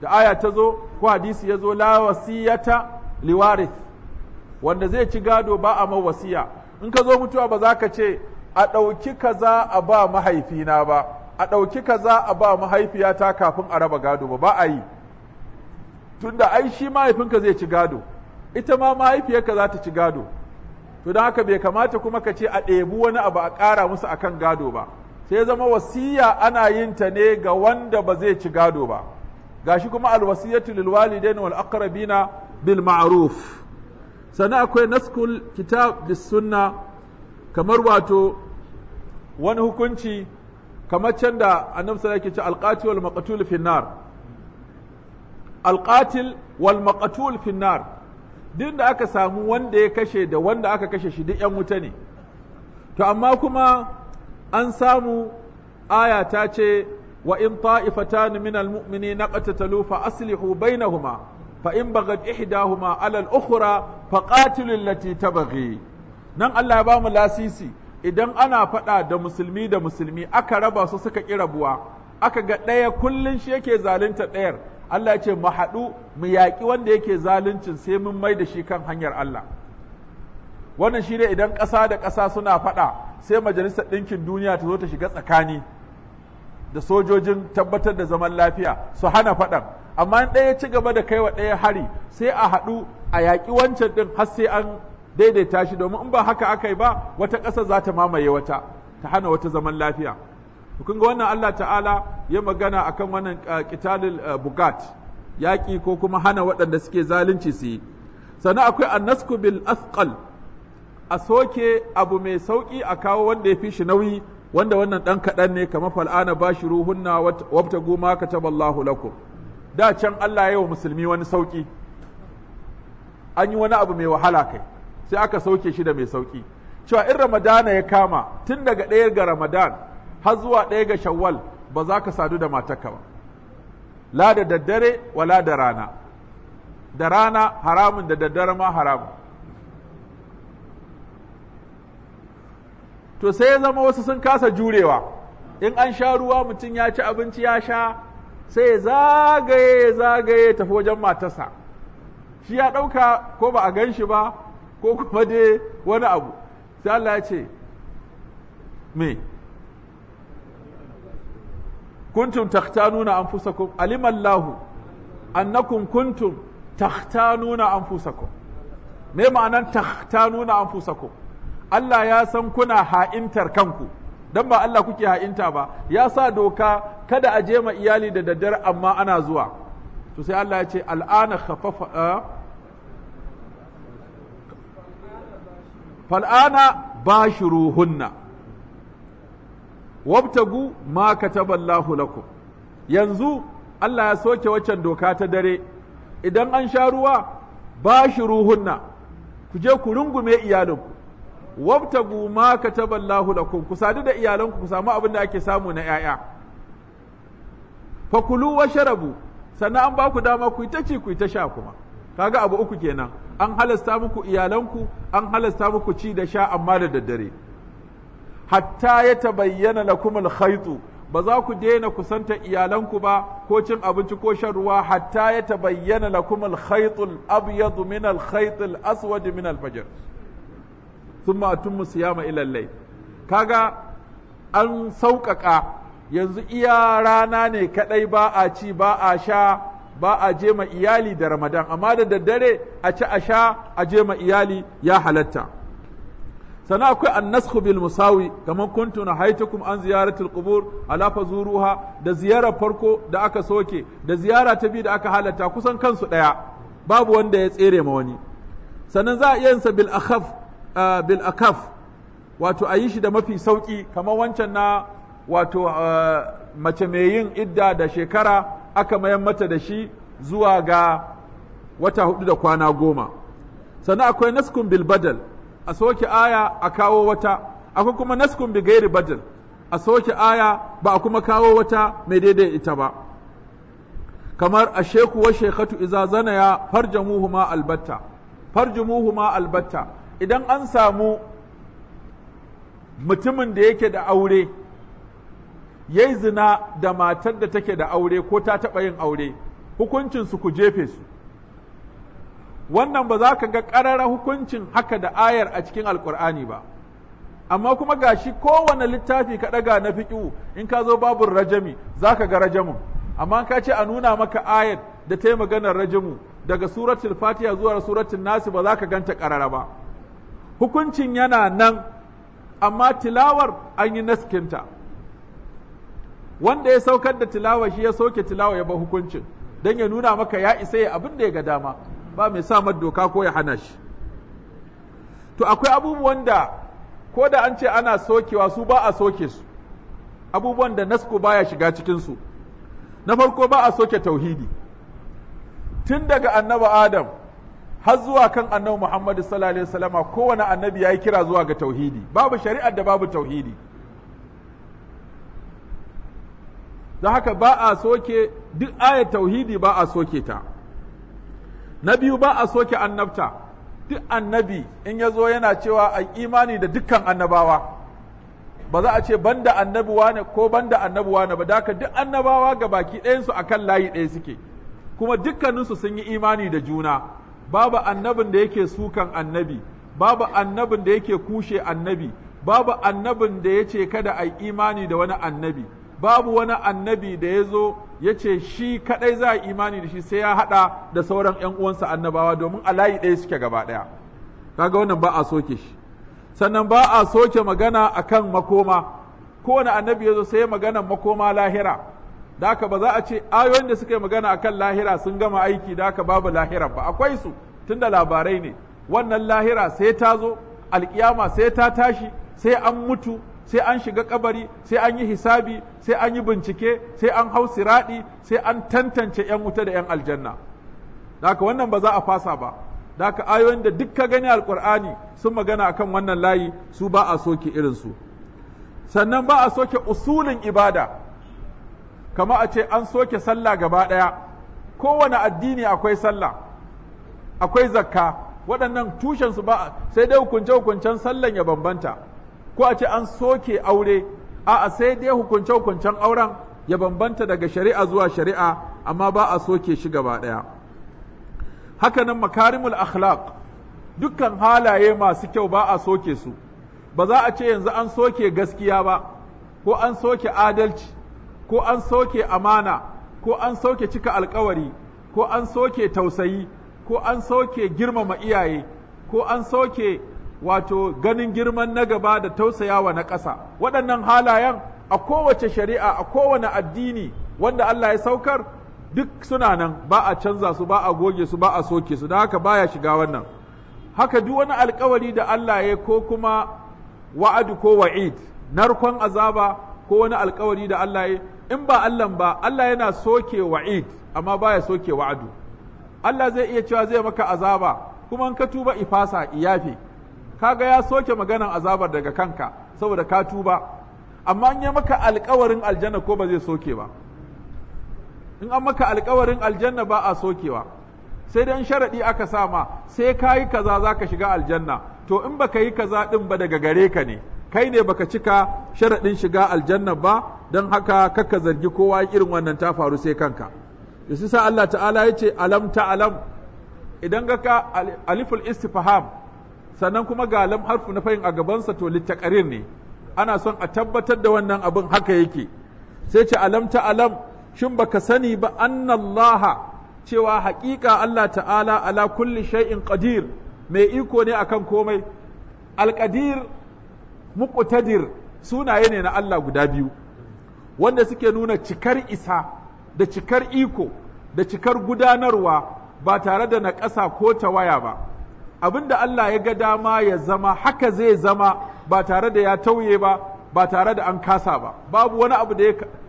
da aya ta zo ko hadisi ya zo la wasiyata warith wanda zai ci gado ba a mawasiya in ka zo mutuwa ba za ka ce a ɗauki kaza a ba mahaifina ba a ɗauki kaza a ba mahaifiyata kafin a raba gado ba ba a yi tunda ai shi mahaifinka zai ci gado ita ma mahaifiyarka za ta ci gado to don haka bai kamata kuma ka ce a ɗebi wani abu a ƙara musu a kan gado ba sai zama wasiya ana yin ta ne ga wanda ba zai ci gado ba ga shi kuma alwasiyatu lil walidain wal aqrabina bil ma'ruf sannan akwai naskul kitab bis sunna kamar wato wani hukunci kamar can da annabi sallallahu alaihi wasallam wal maqtul fi nar wal maqtul fi nar da aka samu wanda ya kashe da wanda aka kashe shi duk yan wuta ne to amma kuma an samu aya ta ce wa in ta'ifatan min almu'minina qatatalu fa aslihu bainahuma fa in bagat ihdahuma ala al-ukhra fa qatilu allati tabghi nan Allah ya ba mu lasisi idan ana faɗa da musulmi da musulmi aka raba su suka ƙi rabuwa aka ga ɗaya kullum shi yake zalunta ɗayar Allah ya ce mu haɗu mu yaƙi wanda yake zaluncin sai mun mai da shi kan hanyar Allah wannan shi ne idan ƙasa da ƙasa suna faɗa sai majalisar ɗinkin duniya ta zo ta shiga tsakani da sojojin tabbatar da zaman lafiya su hana faɗan amma in ɗaya ci gaba da kai wa ɗaya hari sai a haɗu a yaƙi wancan ɗin har sai an daidaita shi domin in ba haka aka yi ba wata ƙasa za ta mamaye wata ta hana wata zaman lafiya kun ga wannan Allah ta'ala ya magana akan wannan uh, qitalul uh, bugat yaƙi ko kuma hana waɗanda suke zalunci su yi sannan akwai annasku bil asqal a soke abu mai sauƙi a kawo wanda ya fi shi nauyi wanda wannan ɗan kaɗan ne kamar fal'ana ba shi ruhunna wata goma ka taɓa taballahu lakum da can Allah ya yi wa musulmi wani sauƙi an yi wani abu mai wahala kai sai aka sauke shi da mai sauki cewa in ramadana ya kama tun daga ɗaya ga ramadan har zuwa ɗaya ga shawwal ba za ka sadu da matarka ba la da daddare wala da rana da rana haramun da daddare ma haramun to sai ya zama wasu sun kasa jurewa in an sha ruwa mutum ya ci abinci ya sha sai ya zagaye zagaye tafi wajen matarsa shi ya ɗauka ko ba a gan shi ba ko kuma dai wani abu sai Allah ya ce me kuntum takhtanuna anfusakum alima Allah annakum kuntum takhtanuna anfusakum me ma'anan takhtanuna anfusakum Allah ya san kuna ha'intar kanku dan ba Allah kuke ha'inta ba ya sa doka kada a je ma iyali da daddare amma ana zuwa to sai Allah ya ce al'ana khafafa eh, fal'ana bashiruhunna wabtagu ma kataballahu lakum yanzu Allah ya sauke waccan doka ta dare idan an sha ruwa ba bashiruhunna ku je ku rungume iyalinku wabtagu ma kataballahu lakum ku sadu da iyalanku ku samu abin da ake samu na ‘ya'ya. Fakulu wa sharabu, sannan an ba ku dama ku yi ta ci ku yi ta sha kuma. kaga abu uku kenan an halasta muku iyalanku an halasta muku ci da sha amma da daddare hatta ya tabayyana lakum al ba za ku daina kusanta iyalanku ba ko cin abinci ko shan ruwa hatta ya tabayyana lakum al-khayt al-abyad min al-khayt al-aswad min al-fajr thumma atimmu siyama ila al kaga an sauƙaƙa yanzu iya rana ne kadai ba a ci ba a sha ba a je ma iyali da Ramadan amma da daddare a ci a sha a je ma iyali ya halatta sana akwai annasku bil musawi kamar kuntu na haitukum an ziyaratul qubur ala fazuruha da ziyarar farko da aka soke da ziyara ta biyu da aka halatta kusan kansu daya babu wanda ya tsere ma wani sannan za a iya yinsa bil akhaf bil akaf wato a yi shi da mafi sauki kamar wancan na wato mace mai yin idda da shekara aka mayan mata da shi zuwa ga wata hudu da kwana goma sannan akwai naskun bil badal a soke aya a kawo wata akwai kuma naskun bi gairi badal a soke aya ba a kuma kawo wata mai daidai ita ba kamar a sheku wa shekatu iza zanaya muhuma albatta albatta idan an samu mutumin da yake da aure yayi zina da matar da take da aure ko ta taɓa yin aure hukuncin su ku jefe su wannan ba za ka ga ƙarara hukuncin haka da ayar a cikin alkur'ani ba amma kuma gashi kowane littafi ka ɗaga na fiƙiu in ka zo babu rajami za ka ga rajamin amma ka ce a nuna maka ayar da ta yi maganar rajamu daga suratul fatiha zuwa suratul nasi ba za ka ganta ƙarara ba hukuncin yana nan amma tilawar an yi naskinta wanda ya saukar da tilawa shi ya soke tilawa ya ba hukuncin don ya nuna maka ya isa ya abin da ya ga dama ba mai sa doka ko ya hana shi to akwai abubuwan da ko da an ce ana sokewa su ba a soke su abubuwan da nasko ya shiga cikinsu, na farko ba a soke tauhidi tun daga annabi adam har zuwa kan annabi muhammadu sallallahu alaihi wasallama kowane annabi ya yi kira zuwa ga tauhidi babu shari'ar da babu tauhidi don haka ba a soke duk ayat tauhidi ba a soke ta na biyu ba a soke annabta duk annabi in ya zo yana cewa a imani da dukkan annabawa ba za a ce banda annabi wane ko banda annabi wane ba daka duk annabawa ga baki ɗayansu a kan layi ɗaya suke kuma dukkaninsu sun yi imani da juna babu annabin da yake sukan annabi babu annabin da yake kushe annabi babu annabin da ya ce kada a imani da wani annabi babu wani annabi da ya zo ya ce shi kadai za a imani da shi sai ya hada da sauran ‘yan uwansa annabawa domin a layi ɗaya suke gaba ɗaya kaga wannan ba a soke shi sannan ba a soke magana akan makoma kowane annabi ya zo sai magana makoma lahira da haka ba za a ce ayoyin da suka yi magana akan lahira sun gama aiki da haka babu lahira ba akwai su tunda labarai ne wannan lahira sai ta zo alkiyama sai ta tashi sai an mutu sai an shiga kabari sai an yi hisabi sai an yi bincike sai an hau siradi sai an tantance yan wuta da yan aljanna haka wannan ba za a fasa ba haka ayoyin da duk ka gani alqur'ani sun magana akan wannan layi su ba a soke irin su sannan ba a soke usulin ibada kama a ce an soke sallah gaba ɗaya. kowane addini akwai sallah akwai zakka waɗannan tushensu ba sai dai hukunce-hukuncen sallan ya bambanta ko a ce an soke aure a'a sai dai hukunce hukuncen auren ya bambanta daga shari'a zuwa shari'a amma ba a soke shi gaba ɗaya hakanan makarimul akhlaq dukkan halaye masu kyau ba a soke su ba za a ce yanzu an soke gaskiya ba ko an soke adalci ko an soke amana ko an soke cika alkawari ko an soke tausayi ko an soke girmama iyaye ko an soke wato ganin girman na gaba da tausayawa na ƙasa waɗannan halayen a kowace shari'a a kowane addini wanda Allah ya saukar duk suna nan ba a canza su ba a goge su ba a soke su don haka baya shiga wannan haka duk wani alkawari da Allah ya ko kuma wa'adu ko wa'id narkon azaba ko wani alkawari da Allah ya in ba Allah ba Allah yana soke wa'id amma baya soke wa'adu Allah zai iya cewa zai maka azaba kuma in ka tuba ifasa iyafe kaga ya soke maganan azabar daga kanka saboda ka tuba amma an yi maka alkawarin aljanna ko ba zai soke ba in an maka alkawarin aljanna ba a sokewa sai dan sharadi aka sama sai ka yi kaza za ka shiga aljanna to in baka yi kaza din ba daga gare ka ne kai ne baka cika sharadin shiga aljanna ba don haka kakka zargi kowa irin wannan ta faru sai kanka yasu sa Allah ta'ala ya ce alam ta alam idan ga ka aliful istifham sannan kuma ga lam harfu na fayin a gabansa to littaqarir ne ana son a tabbatar da wannan abin haka yake sai ce alam ta alam shin baka sani ba annallaha cewa haƙiƙa Allah ta'ala ala kulli shay'in qadir mai iko ne akan komai alqadir muqtadir sunaye ne na Allah guda biyu wanda suke nuna cikar isa da cikar iko da cikar gudanarwa ba tare da na ƙasa ko tawaya ba Abin da Allah ya ga dama ya zama haka zai zama ba tare da ya tauye ba ba tare da an kasa ba babu wani abu da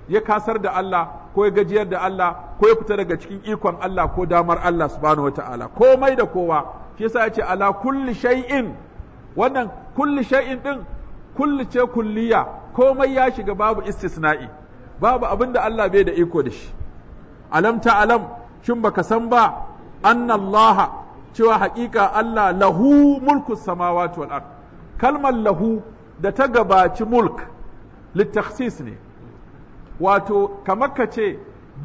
ya kasar da Allah ko ya gajiyar da Allah ko ya fita daga cikin ikon Allah ko damar Allah subhanahu wataala komai da kowa shi yasa yace ala kulli shay'in wannan kulli shay'in din kulli ce kulliya komai ya shiga babu istisna'i babu abin da Allah bai da iko da shi alam ta alam shin baka san ba annallaha cewa haƙiƙa Allah lahu mulku samawati wal ard kalmar lahu da ta gabaci mulk littakhsis ne wato kamar ka ce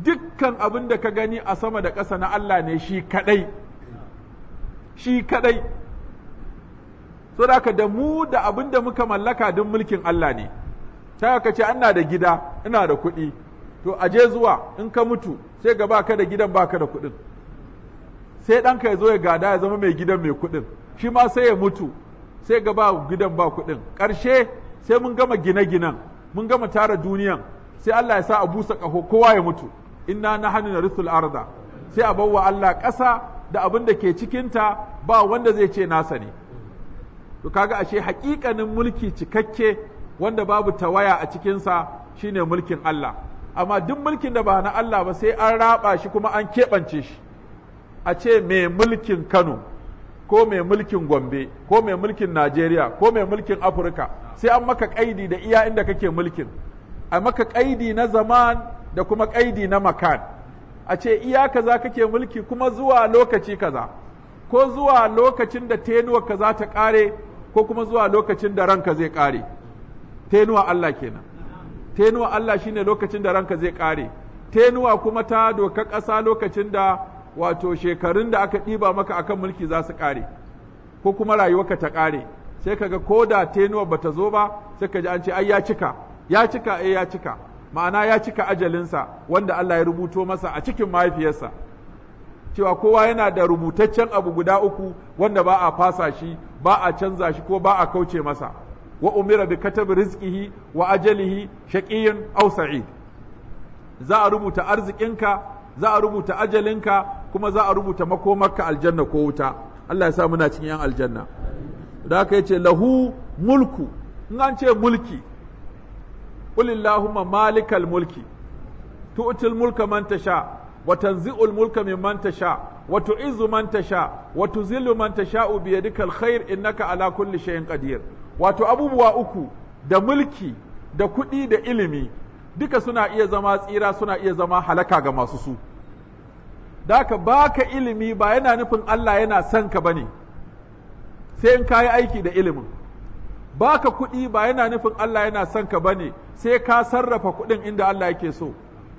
dukkan abin da ka gani a sama da ƙasa na Allah ne shi kadai shi kadai so da da mu da abin da muka mallaka duk mulkin Allah ne ta ka ce ana da gida ina da kuɗi to aje zuwa in ka mutu sai ga baka da gidan baka da kuɗin sai ɗanka ya zo ya gada ya zama mai gidan mai kuɗin shi ma sai ya mutu sai ga ba gidan ba kuɗin ƙarshe sai mun gama gine-ginen mun gama tara duniyan sai Allah ya sa a busa ƙaho kowa ya mutu inna na hannu na rusul arda sai a bawa Allah ƙasa da abin da ke cikinta ba wanda zai ce nasa ne to kaga ashe haƙiƙanin mulki cikakke wanda babu tawaya a cikinsa shine mulkin Allah amma duk mulkin da ba na Allah ba sai an raba shi kuma an keɓance shi a ce mai mulkin Kano ko mai mulkin Gombe ko mai mulkin Najeriya ko mai mulkin Afirka sai an maka kaidi da iya inda kake mulkin a maka kaidi na zaman da kuma kaidi na makan a ce iya kaza kake mulki kuma zuwa lokaci kaza ko zuwa lokacin da tenuwa kaza ta kare ko kuma zuwa lokacin da ranka zai kare tenuwa Allah kenan tenuwa Allah shine lokacin da ranka zai kare tenuwa kuma ta doka ƙasa lokacin da wato shekarun da aka ɗiba maka akan mulki za su ƙare ko kuma rayuwarka ta ƙare sai kaga ko da tenuwa bata zo ba sai ka ji an ce ai ya cika ya cika eh ya cika ma'ana ya cika ajalinsa wanda Allah ya rubuto masa a cikin mahaifiyarsa cewa kowa yana da rubutaccen abu guda uku wanda ba a fasa shi ba a canza shi ko ba a kauce masa wa umira bi katab rizqihi wa ajalihi shaqiyyun aw sa'id za a rubuta arzikinka za a rubuta ajalinka kuma za a rubuta makomarka aljanna ko wuta Allah ya sa muna cikin yan aljanna da haka yace lahu mulku in an ce mulki qul malikal mulki tu'til mulka man tasha wa tanzi'ul mulka mimman tasha wa tu'izzu man tasha wa tuzillu man tasha'u bi yadikal khair innaka ala kulli shay'in qadir wato abubuwa uku da mulki da kuɗi da ilimi duka suna iya zama tsira suna iya zama halaka ga masu su daka ka ilimi ba yana nufin Allah yana son ka ba ne, sai in kayi aiki da ilimin ka kuɗi ba yana nufin Allah yana son ka ba ne, sai ka sarrafa kuɗin inda Allah yake so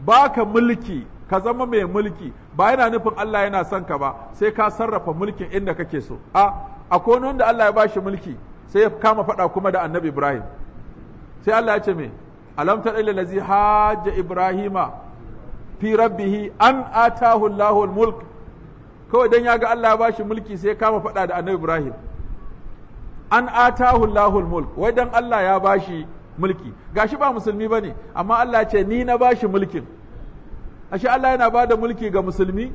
Ba ka mulki ka zama mai mulki ba yana nufin Allah yana son ka ba sai ka sarrafa mulkin inda kake so a akwai wanda Allah ya ba shi mulki sai ya kama faɗa kuma da Annabi Ibrahim sai Allah ya ce me alam ta ila lazi hajja ibrahima fi rabbih an atahu Allahu mulk kawai dan yaga Allah ya bashi mulki sai kama fada da annabi ibrahim an atahu Allahu almulk wai dan Allah ya bashi mulki gashi ba musulmi bane amma Allah ce ni na bashi mulkin ashe Allah yana bada mulki ga musulmi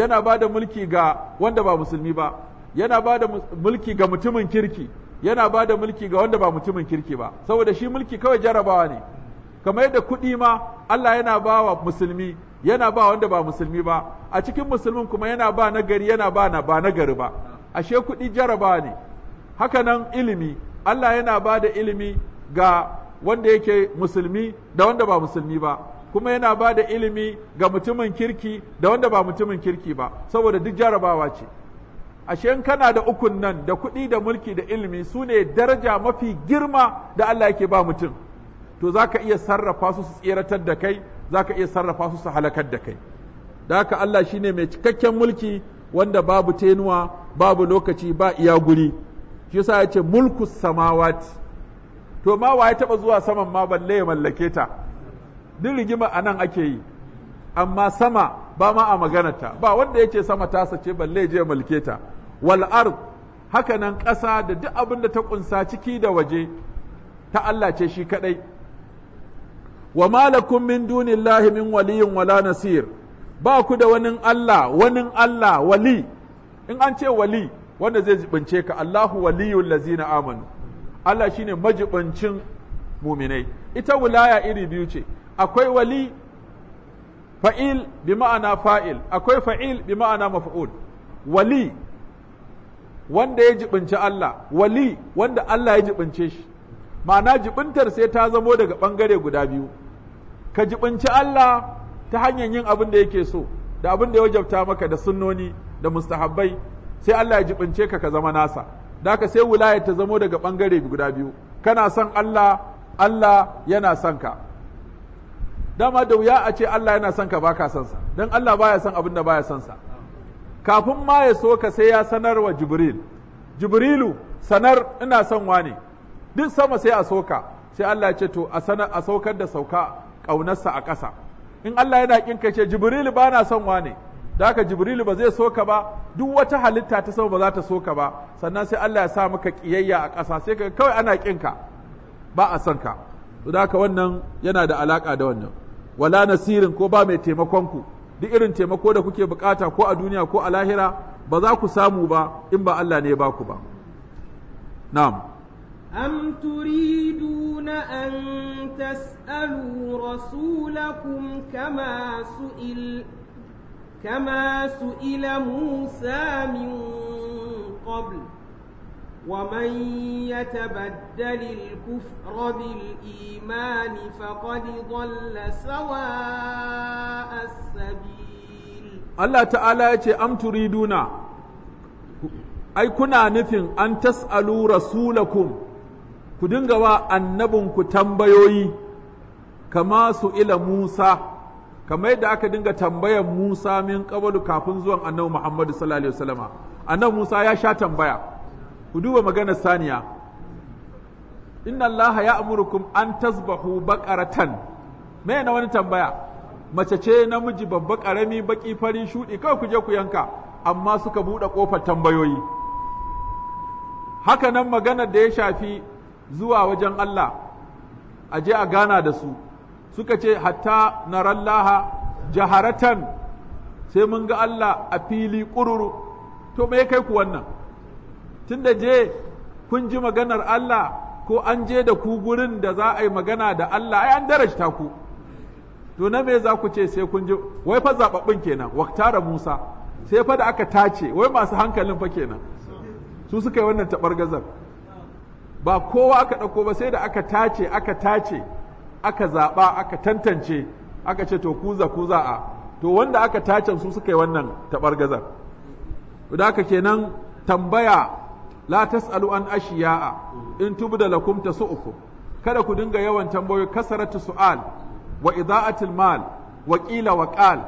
yana bada mulki ga wanda ba musulmi ba yana bada mulki ga mutumin kirki yana ba da mulki ga wanda ba mutumin kirki ba saboda shi mulki kawai jarabawa ne kamar yadda kuɗi ma Allah yana ba wa musulmi yana ba wanda ba musulmi ba a cikin musulmin kuma yana ba nagari yana ba na ba nagari ba ashe kuɗi jarabawa ne haka nan ilimi Allah yana ba da ilimi ga wanda yake musulmi da wanda ba musulmi ba kuma yana ba da ilimi ga mutumin kirki da wanda ba mutumin kirki ba saboda duk jarabawa ce ashe in kana da ukun nan da kuɗi da mulki da ilimi su ne daraja mafi girma da Allah yake ba mutum to za ka iya sarrafa su su tseratar da kai za ka iya sarrafa su su halakar da kai da haka Allah shine mai cikakken mulki wanda babu tenuwa babu lokaci ba iya guri shi yasa ya ce mulku samawati to ma ya taɓa zuwa saman ma balle ya mallake ta duk rigima a nan ake yi amma sama ba ma a maganarta ba wanda ya ce sama tasa ce balle ya je mallake ta wal ard nan ƙasa da duk abin da ta ƙunsa ciki da waje ta Allah ce shi kaɗai wa malakum min dunillahi min waliyin wala nasir ba ku da wani Allah wani Allah wali in an ce wali wanda zai jibince ka Allahu waliyul lazina amanu Allah shine majibincin muminai ita wulaya iri biyu ce akwai wali fa'il bi ma'ana fa'il akwai fa'il bi ma'ana maf'ul wali wanda ya jibinci Allah wali wanda Allah ya jibince shi ma'ana jibintar sai ta zamo daga bangare guda biyu ka jibinci Allah ta hanyar yin abin da yake so da abin da ya wajabta maka da sunnoni da mustahabbai sai Allah ya jibince ka ka zama nasa da ka sai wulaya ta zamo daga bangare guda biyu kana son Allah Allah yana son ka dama da wuya a ce Allah yana son ka baka son sa dan Allah baya son abin da baya son sa kafin ma ya so ka sai ya sanar wa jibril jibrilu sanar ina son wani. duk sama sai a soka sai Allah ya ce to a sanar a saukar da sauka ƙaunarsa a ƙasa in Allah yana kin ka ce jibrilu ba na son wani. da haka jibrilu ba zai soka ba duk wata halitta ta sama ba za ta soka ba sannan sai Allah ya sa maka kiyayya a ƙasa sai ka kawai ana kinka ba a son ka to da haka wannan yana da alaka da wannan wala nasirin ko ba mai taimakon ku duk irin taimako da kuke bukata ko a duniya ko a lahira ba za ku samu ba in ba Allah ne ba baku ba na'am أم تريدون أن تسألوا رسولكم كما سئل كما سئل موسى من قبل ومن يتبدل الكفر بالإيمان فقد ضل سواء السبيل الله تعالى يقول أم تريدون أي كنا نفن أن تسألوا رسولكم كدنغوا أنبنك كتنبيوي كما سئل موسى kamar yadda aka dinga tambayar Musa min kabalu kafin zuwan annabi Muhammadu sallallahu alaihi wasallama annabi Musa ya sha tambaya ku duba maganar saniya inna allaha amurkum an tasbahu baqaratan me na wani tambaya mace ce namiji babba karami baki fari shudi kawai ku je ku yanka amma suka bude kofar tambayoyi haka nan maganar da ya shafi zuwa wajen Allah a je a gana da su suka ce hatta narallaha jaharatan sai mun ga Allah a fili kururu. to me kai ku wannan tun da je kun ji maganar Allah ko an je da ku gurin da za a yi magana da Allah ai an darajta ku to na me za ku ce sai kun ji wai fa zababbin kenan waktara Musa sai fa da aka tace wai masu hankalin fa kenan su suka yi wannan tabargazar ba kowa aka ɗauko ba sai da aka tace aka tace aka zaba aka tantance aka ce to kuza kuza a to wanda aka tace su suka yi wannan tabargazar da aka kenan tambaya la tas'alu an ashiya'a in tubda lakum tasu'ukum kada ku dinga yawan tambayoyi kasaratu su'al wa ida'atil mal wa qila wa qal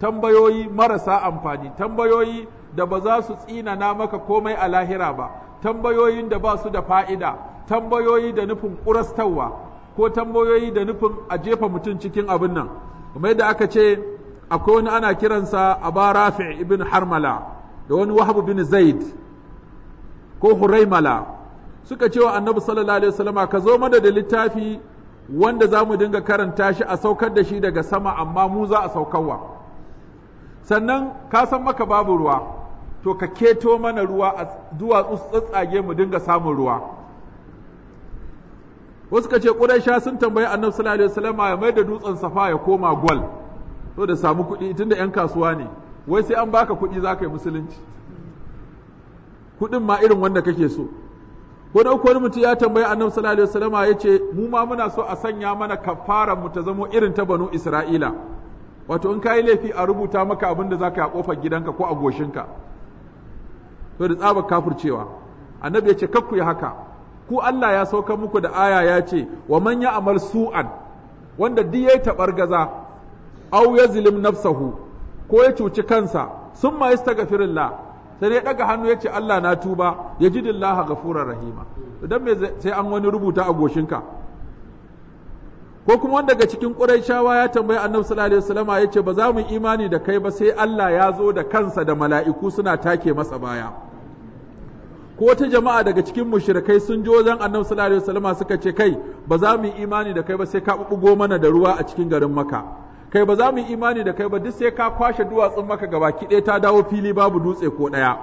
tambayoyi marasa amfani tambayoyi da ba za su na maka komai a lahira ba tambayoyin da ba su da fa'ida tambayoyi da nufin kurastawa ko tambayoyi da nufin a jefa mutum cikin abin nan kuma yadda aka ce akwai wani ana kiransa a ba ibn harmala da wani wahabu bin zaid ko huraimala suka ce wa annabi sallallahu alaihi wasallama ka zo mana da littafi wanda za mu dinga karanta shi a saukar da shi daga sama amma mu za a saukarwa sannan ka san maka babu ruwa to ka keto mana ruwa a duwatsu tsatsage mu dinga samun ruwa wasu ka ce quraisha sun tambayi annabi sallallahu alaihi wasallama ya mai da dutsen safa ya koma gwal to da samu kuɗi tunda 'yan kasuwa ne wai sai an baka kuɗi za yi musulunci kuɗin ma irin wanda kake so ko da uku mutum ya tambayi annabi sallallahu alaihi wasallama yace mu ma muna so a sanya mana kafara mu ta zamo irin ta banu isra'ila wato in kai laifi a rubuta maka abin da zaka yi a kofar gidanka ko a goshinka to da tsaba kafircewa annabi yace kakku ya haka ku Allah ya sauka muku da aya ya ce wa man ya amal su'an wanda duk yayi tabargaza aw yazlim nafsahu ko ya cuci kansa sun summa yastaghfirullah sai ya daga hannu ya ce Allah na tuba ya ji dillaha gafura rahima idan me sai an wani rubuta a goshinka ko kuma wanda daga cikin ƙuraishawa ya tambayi annabi sallallahu alaihi wasallama ya ce ba za mu imani da kai ba sai Allah ya zo da kansa da mala'iku suna take masa baya ko ta jama'a daga cikin mushrikai sun ji wajen annabi sallallahu alaihi wasallama suka ce kai ba za mu imani da kai ba sai ka bugo mana da ruwa a cikin garin maka kai ba za mu yi imani da kai ba duk sai ka kwashe duwatsun maka gabaki ɗaya ta dawo fili babu dutse ko ɗaya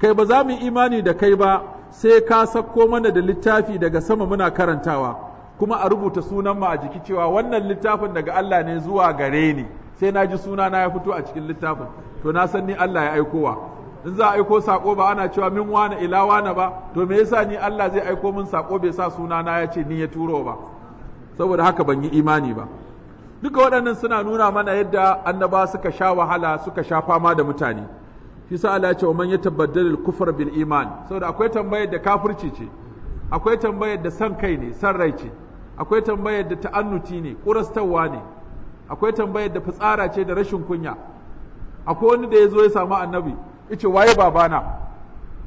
kai ba za mu yi imani da kai ba sai ka sako mana da littafi daga sama muna karantawa kuma a rubuta sunan mu a jiki cewa wannan littafin daga Allah ne zuwa gare ni sai na ji suna na ya fito a cikin littafin to na san ni Allah ya aikowa in za a aiko sako ba ana cewa min wani ila wani ba to me yasa ni Allah zai aiko min sako bai sa suna na ya ce ni ya turo ba saboda haka ban yi imani ba duka waɗannan suna nuna mana yadda annaba suka sha wahala suka sha fama da mutane shi sa Allah ya ce man yatabaddal kufar bil iman saboda akwai tambayar da kafirci ce akwai tambayar da san kai ne san rai ce akwai tambayar da ta'annuti ne kurastawa ne akwai tambayar da fitsara ce da rashin kunya akwai wani da ya zo ya samu annabi yace waye babana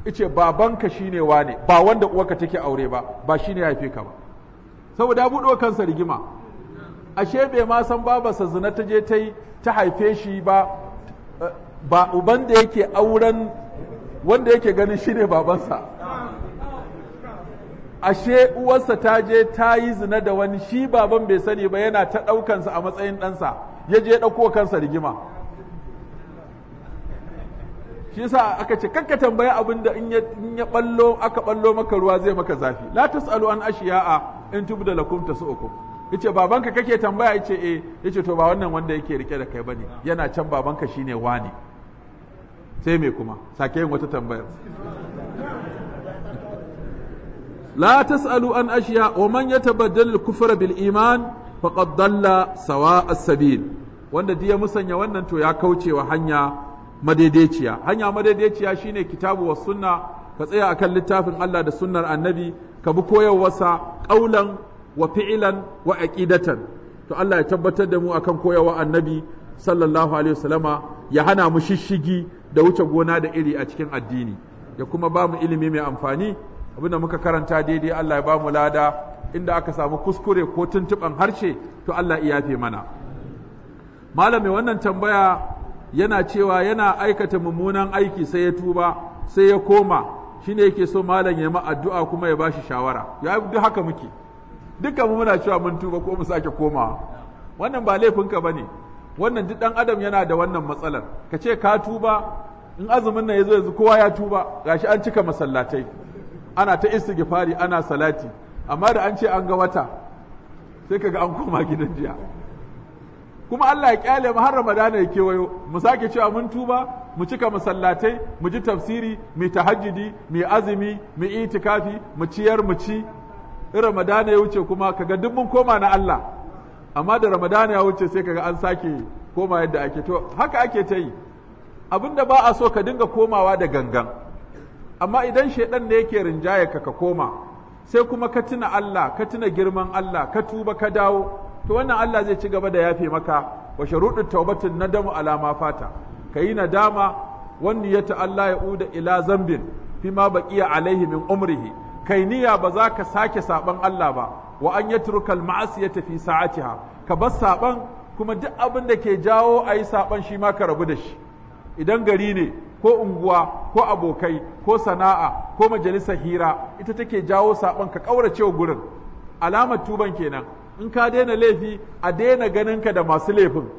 ice babanka shine wane ba wanda uwarka take aure ba ba shine haife ka ba saboda buɗo kansa rigima ashe bai ma san babarsa zina ta je ta yi ta haife shi ba ba uban da yake auren wanda yake ganin shi ne babansa ashe uwarsa ta je ta yi zina da wani shi baban bai sani ba yana ta ɗaukansa a matsayin ɗansa ya je ɗauko kansa rigima shi yasa aka ce kakka tambaya abin da in ya ballo aka ɓallo maka ruwa zai maka zafi la tasalu an ashiya'a in tubda lakum tasu'ukum yace babanka kake tambaya yace eh yace to ba wannan wanda yake rike da kai bane yana can babanka shine wani sai me kuma sake yin wata tambayar la tasalu an ashiya wa man yatabaddal al-kufra bil iman faqad dalla sawa as-sabil wanda diya musanya wannan to ya kauce wa hanya madaidaiciya hanya madaidaiciya shine kitabu was sunna ka tsaya akan littafin Allah da sunnar annabi ka bi koyarwarsa ƙaulan wa fi'ilan wa aqidatan to Allah ya tabbatar da mu akan koyawa annabi sallallahu alaihi wasallama ya hana mu shishigi da wuce gona da iri a cikin addini ya kuma ba mu ilimi mai amfani abinda muka karanta daidai Allah ya ba mu lada inda aka samu kuskure ko tuntuban harshe to Allah ya yafe mana malami wannan tambaya yana cewa yana aikata mummunan aiki sai ya tuba sai ya koma shine yake so malam ya yi addu'a kuma ya bashi shawara ya duk haka muke duka mu muna cewa mun tuba ko mu sake komawa wannan ba laifinka ba ne wannan duk ɗan adam yana da wannan matsalar ka ce ka tuba in azumin nan ya zo yanzu kowa ya tuba gashi an cika masallatai ana ta istighfari ana salati amma da an ce an ga wata sai kaga an koma gidan jiya kuma Allah ya kyale mu har Ramadana ya kewayo mu sake cewa mun tuba mu cika masallatai mu ji tafsiri mu tahajjudi mu azumi mu itikafi mu ciyar mu ci in Ramadan ya wuce kuma kaga duk mun koma na Allah amma da Ramadan ya wuce sai kaga an sake koma yadda ake to haka ake ta yi abinda ba a so ka dinga komawa da gangan amma idan shaidan ne yake rinjaye ka ka koma sai kuma ka tuna Allah ka tuna girman Allah ka tuba ka dawo to wannan Allah zai ci gaba da yafe maka wa sharuɗin taubatin nadamu alama fata ka yi nadama wani ya Allah ya uda ila zambin fi ma baqiya alaihi min umrihi kai niyya ba za ka sake saban Allah ba wa an yatrukal ma'asiyata fi sa'atiha ka bar saban kuma duk abin da ke jawo a yi saban shi ma ka rabu da shi idan gari ne ko unguwa ko abokai ko sana'a ko majalisar hira ita take jawo saban ka kaurace wa gurin alamar tuban kenan in ka daina laifi a daina ganinka da masu laifin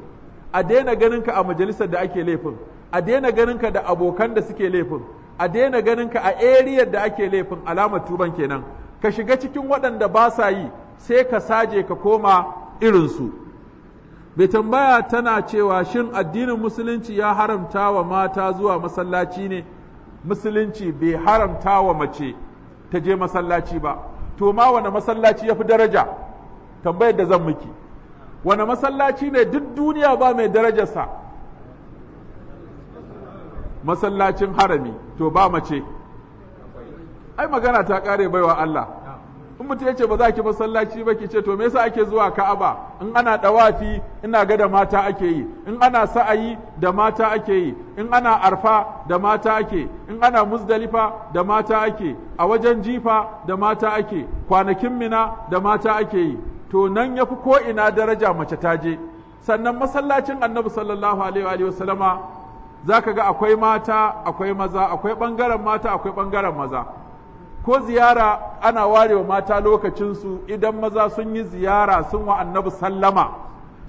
a daina ganinka a majalisar da ake laifin a daina ganinka da abokan da suke laifin a daina ganin ka a eriyar da ake laifin alamar tuban kenan ka shiga cikin waɗanda ba sa yi sai ka saje ka koma irin su. mai tambaya tana cewa shin addinin musulunci ya haramta wa mata zuwa masallaci ne musulunci bai haramta wa mace ta je masallaci ba to ma wane masallaci ya fi daraja tambayar da zan miki wane masallaci ne duk duniya ba mai darajarsa masallacin harami to ba mace ai magana ta kare baiwa Allah in mutum ya ce ba za ki masallaci ba ki ce to me yasa ake zuwa Ka'aba in ana dawafi ina ga da mata ake yi in ana sa'ayi da mata ake yi in ana arfa da mata ake in ana muzdalifa da mata ake a wajen jifa da mata ake kwanakin mina da mata ake yi to nan yafi ko ina daraja mace ta je sannan masallacin Annabi sallallahu alaihi wa sallama za ka ga akwai mata akwai maza akwai ɓangaren mata akwai ɓangaren maza ko ziyara ana ware wa mata lokacinsu idan maza sun yi ziyara sun wa annabi sallama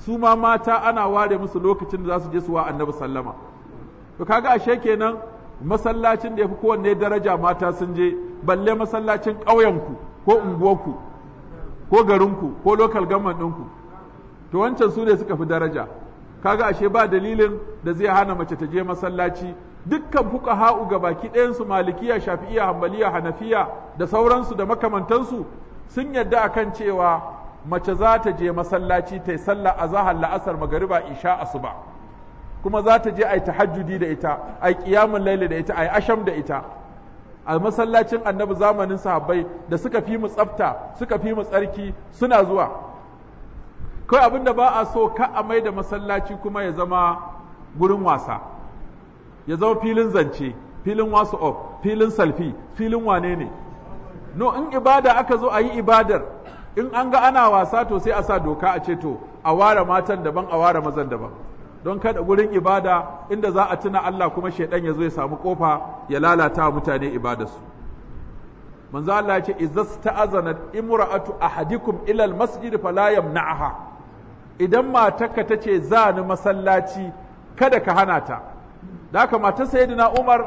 su ma mata ana ware musu lokacin da za su je su wa annabi sallama to kaga ashe kenan masallacin da ya fi kowanne daraja mata sun je balle masallacin ƙauyenku ko unguwarku ko garinku ko lokal government ɗinku to wancan su ne suka fi daraja kaga ashe ba dalilin da zai hana mace ta je masallaci dukkan hau ga baki ɗayansu malikiya shafi'iya hambaliya hanafiya da sauransu da makamantansu sun yadda akan cewa mace za ta je masallaci ta sallah sallah zahar la'asar magariba isha asuba kuma za ta je a yi tahajjudi da ita a yi ƙiyamun da ita a yi asham da ita a masallacin annabi zamanin sahabbai da suka fi mu tsafta suka fi mu tsarki suna zuwa kawai abin da ba a so ka a mai da masallaci kuma ya zama gurin wasa ya zama filin zance filin wasu of filin salfi filin wane ne no in ibada aka zo a yi ibadar in an ga ana wasa to sai a sa doka a ce to a ware matan daban a ware mazan daban don kada gurin ibada inda za a tuna Allah kuma shaidan ya zo ya samu kofa ya lalata mutane ibadarsu manzo Allah ya ce idza sta'azanat imra'atu ahadikum ila almasjid falayam fala yamna'aha idan matarka ta ce za ni masallaci kada ka hana ta da haka matar sayyidina Umar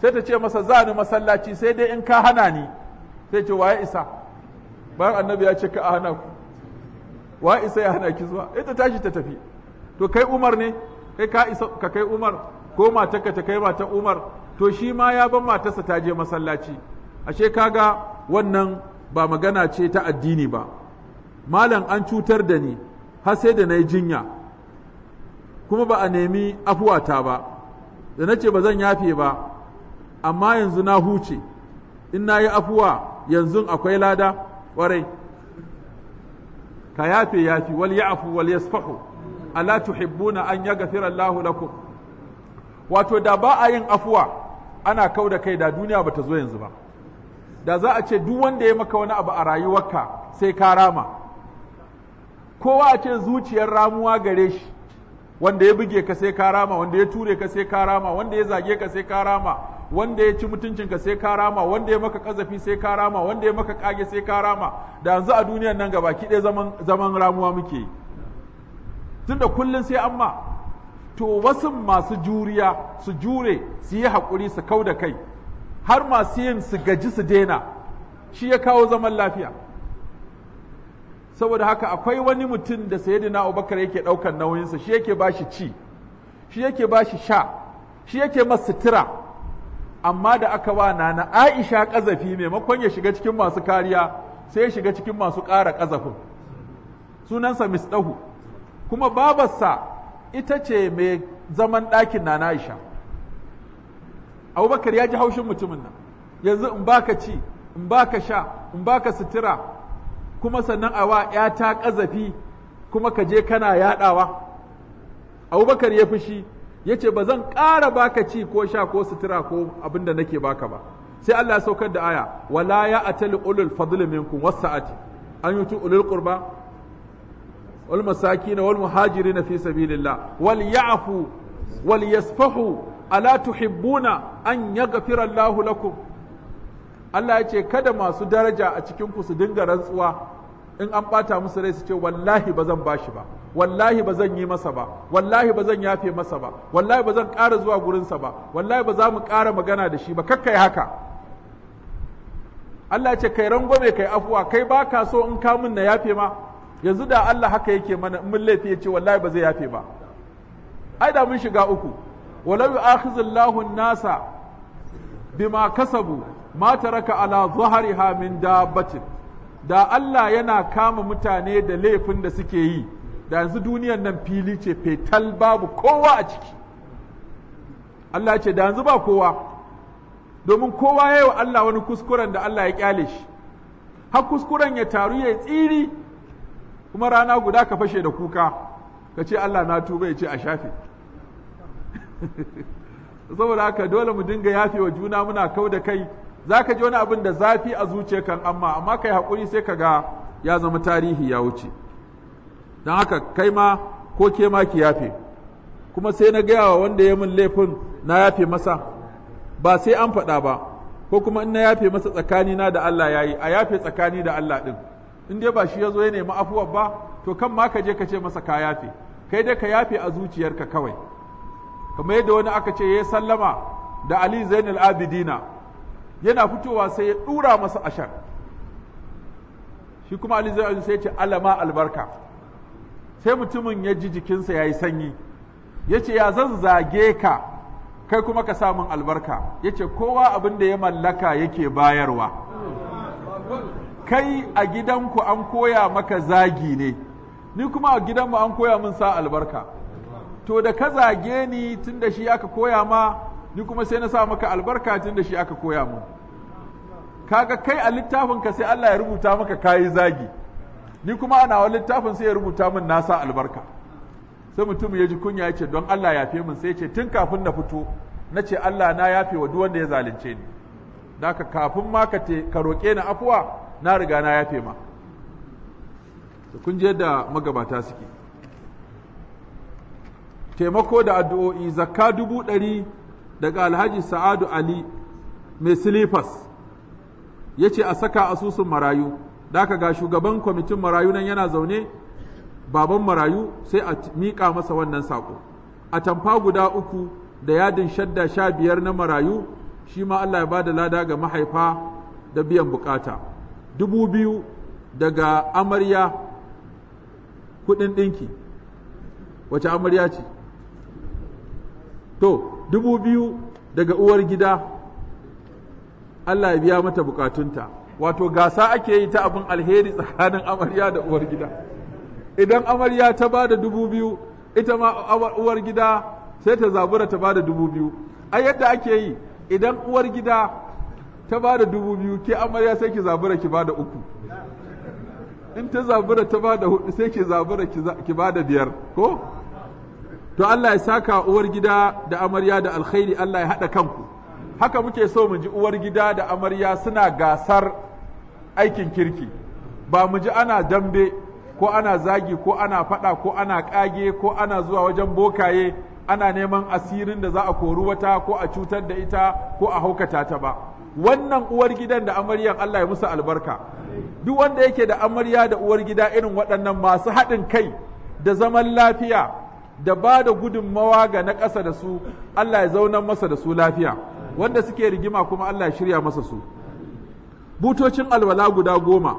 sai ta ce masa za ni masallaci sai dai in ka hana ni sai ce waye isa bayan annabi ya ce ka hana ku waye isa ya hana ki zuwa ita tashi ta tafi to kai Umar ne kai ka isa ka kai Umar ko matarka ta kai matar Umar to shi ma ya ban matarsa ta je masallaci ashe kaga wannan ba magana ce ta addini ba malam an cutar da ni har sai da na yi jinya kuma ba a nemi afuwata ba da na ce ba zan yafe ba amma yanzu na huce in na yi afuwa yanzu akwai lada ƙwarai ka yafe yafi wal ya'fu wal yasfahu ala tuhibbuna an yaghfira Allahu lakum wato da ba a yin afuwa ana kau da kai da duniya bata zo yanzu ba da za a ce duk wanda ya maka wani abu a rayuwarka sai ka rama kowa a ce zuciyar ramuwa gare shi wanda ya buge ka sai ka rama wanda ya ture ka sai ka rama wanda ya zage ka sai ka rama wanda ya ci mutuncin ka sai ka rama wanda ya maka kazafi sai ka rama wanda ya maka kage sai ka rama da yanzu a duniyar nan gaba ki zaman zaman ramuwa muke yi tunda kullun sai amma to wasu masu juriya su jure su yi haƙuri su kau da kai har masu yin su gaji su daina shi ya kawo zaman lafiya saboda haka akwai wani mutum da sayyidina Abubakar yake ɗaukar nauyinsa shi yake ba shi ci shi yake ba shi sha shi yake ma sutura amma da aka ba nana Aisha ƙazafi maimakon ya shiga cikin masu kariya sai ya shiga cikin masu ƙara ƙazafin. sunansa ɗahu. kuma babarsa ita ce mai zaman ɗakin nana Aisha Abubakar ya ji haushin mutumin nan yanzu in baka ci in baka sha in baka sutura kuma sannan a wa ya ta ƙazafi kuma ka je kana yaɗawa. Abubakar ya fushi ya ce ba zan ƙara baka ci ko sha ko sutura ko abin da nake baka ba. Sai Allah saukar da aya, wala ya atali ulul fadl minkum wasa'ati an yutu ulul qurba wal masakin wal muhajirin fi sabilillah wal ya'fu wal yasfahu ala tuhibbuna an yaghfira Allahu lakum Allah ya ce kada masu daraja a cikin ku su dinga rantsuwa in an bata musu rai su ce wallahi ba zan bashi ba wallahi ba zan yi masa ba wallahi ba zan yafe masa ba wallahi ba zan ƙara zuwa gurinsa ba wallahi ba za mu ƙara magana da shi ba kakkai haka Allah ya ce kai rangwame kai afuwa kai baka so in ka mun na yafe ma yanzu da Allah haka yake mana in mun laifi ya ce wallahi ba zai yafe ba ai da mun shiga uku walau yu'akhizullahu nasa bima kasabu ma taraka ala zuhariha min dabbatin da Allah yana kama mutane da laifin da suke yi da yanzu duniyar nan fili ce fetal babu kowa a ciki Allah ce da yanzu ba kowa domin kowa ya yi wa Allah wani kuskuren da Allah ya kyale shi har kuskuren ya taru ya tsiri kuma rana guda ka fashe da kuka ka ce Allah na tuba ya ce a shafe saboda haka dole mu dinga yafe wa juna muna kau da kai za ka ji wani abin da zafi a kan amma amma kai haƙuri sai ka ga ya zama tarihi ya wuce don haka kai ma ko ke ma ki yafe kuma sai na gaya wa wanda ya min laifin na yafe masa ba sai an faɗa ba ko kuma in na yafe masa tsakani na da Allah ya yi a yafe tsakani da Allah ɗin in dai ba shi ya zo ya nemi afuwar ba to kan ma ka je ka ce masa ka yafe kai dai ka yafe a zuciyarka kawai kamar yadda wani aka ce ya sallama da Ali Zainul Abidina yana fitowa sai ya dura masa ashar shi kuma Ali Zainul sai ya ce alama albarka sai mutumin ya ji jikinsa ya yi sanyi ya ce ya zan zage ka kai kuma ka samun albarka ya ce kowa abin da ya mallaka yake bayarwa kai a gidanku an koya maka zagi ne ni kuma a gidanmu an koya min sa albarka to da ka zage ni tun da shi aka koya ma ni kuma sai na sa maka albarka tun da shi aka koya mu kaga kai a littafin ka sai Allah ya rubuta maka kayi zagi ni kuma ana wa littafin sai ya rubuta min nasa albarka sai mutum ya ji kunya ya ce don Allah ya fi min sai ce tun kafin na fito na ce Allah na yafe wa duk wanda ya zalunce ni Da ka kafin ma ka ka roƙe ni afuwa na riga na yafe ma kun je da magabata suke taimako da addu'o'i zakka dubu ɗari daga alhaji sa'adu ali mai silifas ya ce a saka asusun marayu da aka ga shugaban kwamitin marayu nan yana zaune baban marayu sai a miƙa masa wannan saƙo a tamfa guda uku da yadin shadda sha biyar na marayu shi ma Allah ya da lada ga mahaifa da biyan bukata dubu biyu daga amarya kudin ɗinki wace amarya ce to dubu biyu daga uwar gida Allah ya biya mata bukatunta wato gasa ake yi ta abin alheri tsakanin amarya da uwar gida idan amarya ta ba da dubu biyu ita ma uwar gida sai ta zabura ta ba da dubu biyu A yadda ake yi idan uwar gida ta ba da dubu biyu ke amarya sai ki zabura ki ba da uku in ta zabura ta ba da hudu sai ki zabura ki ba da biyar ko to Allah ya saka uwar gida da amarya da alkhairi Allah ya haɗa kanku haka muke so mu ji uwar gida da amarya suna gasar aikin kirki ba mu ji ana dambe ko ana zagi ko ana faɗa ko ana ƙage ko ana zuwa wajen bokaye ana neman asirin da za a kori wata ko a cutar da ita ko a haukata ta ba wannan uwar gidan da amaryan Allah ya musu albarka duk wanda yake da amarya da uwar gida irin waɗannan masu haɗin kai da zaman lafiya da ba da gudunmawa ga na ƙasa da su Allah ya zaunar masa da su lafiya wanda suke rigima kuma Allah ya shirya masa su butocin alwala guda goma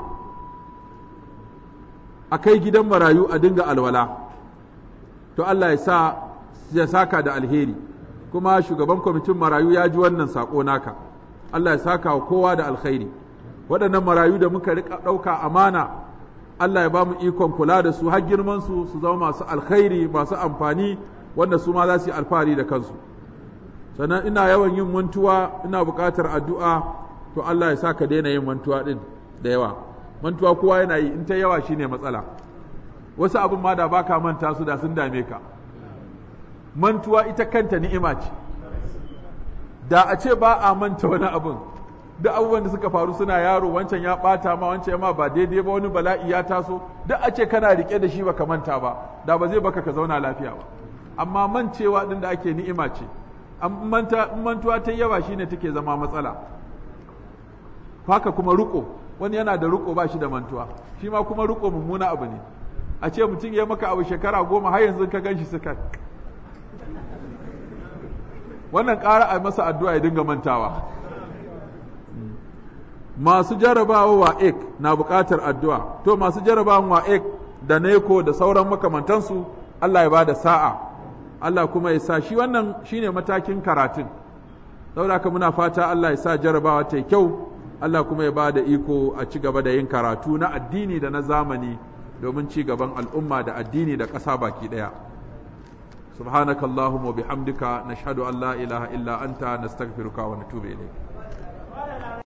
a kai gidan marayu a dinga alwala to Allah ya sa ya saka da alheri kuma shugaban kwamitin marayu ya ji wannan saƙo naka Allah ya saka wa kowa da alkhairi waɗannan marayu da muka rika ɗauka amana Allah ya ba mu ikon kula da su har girman su su zama masu alkhairi masu amfani wanda su ma za su yi alfahari da kansu sannan ina yawan yin mantuwa ina buƙatar addu'a to Allah ya sa ka daina yin mantuwa din da yawa mantuwa kowa yana yi in ta yawa shine matsala wasu abin ma da baka manta su da sun dame ka mantuwa ita kanta ni'ima ce da a ce ba a manta wani abin duk abubuwan da suka faru suna yaro wancan ya bata ma wancan ya ma ba daidai ba wani bala'i ya taso duk a ce kana rike da shi baka manta ba da ba zai baka ka zauna lafiya ba amma mancewa din da ake ni'ima ce in mantuwa ta yawa shine take zama matsala haka kuma riko wani yana da riko ba shi da mantuwa shi ma kuma riko mummuna abu ne a ce mutum ya maka abu shekara goma har yanzu ka ganshi suka wannan ƙara a masa addu'a ya dinga mantawa masu jarabawa wa'ek na bukatar addu'a to masu wa ek da neko da sauran makamantansu Allah ya ba da sa'a Allah kuma ya sa shi wannan shine matakin karatun saboda muna fata Allah ya sa jarabawa ta kyau Allah kuma ya ba da iko a ci gaba da yin karatu na addini da na zamani domin ci gaban al'umma da addini da ƙasa baki ɗaya subhanakallahumma bihamdika nashhadu an la ilaha illa anta wa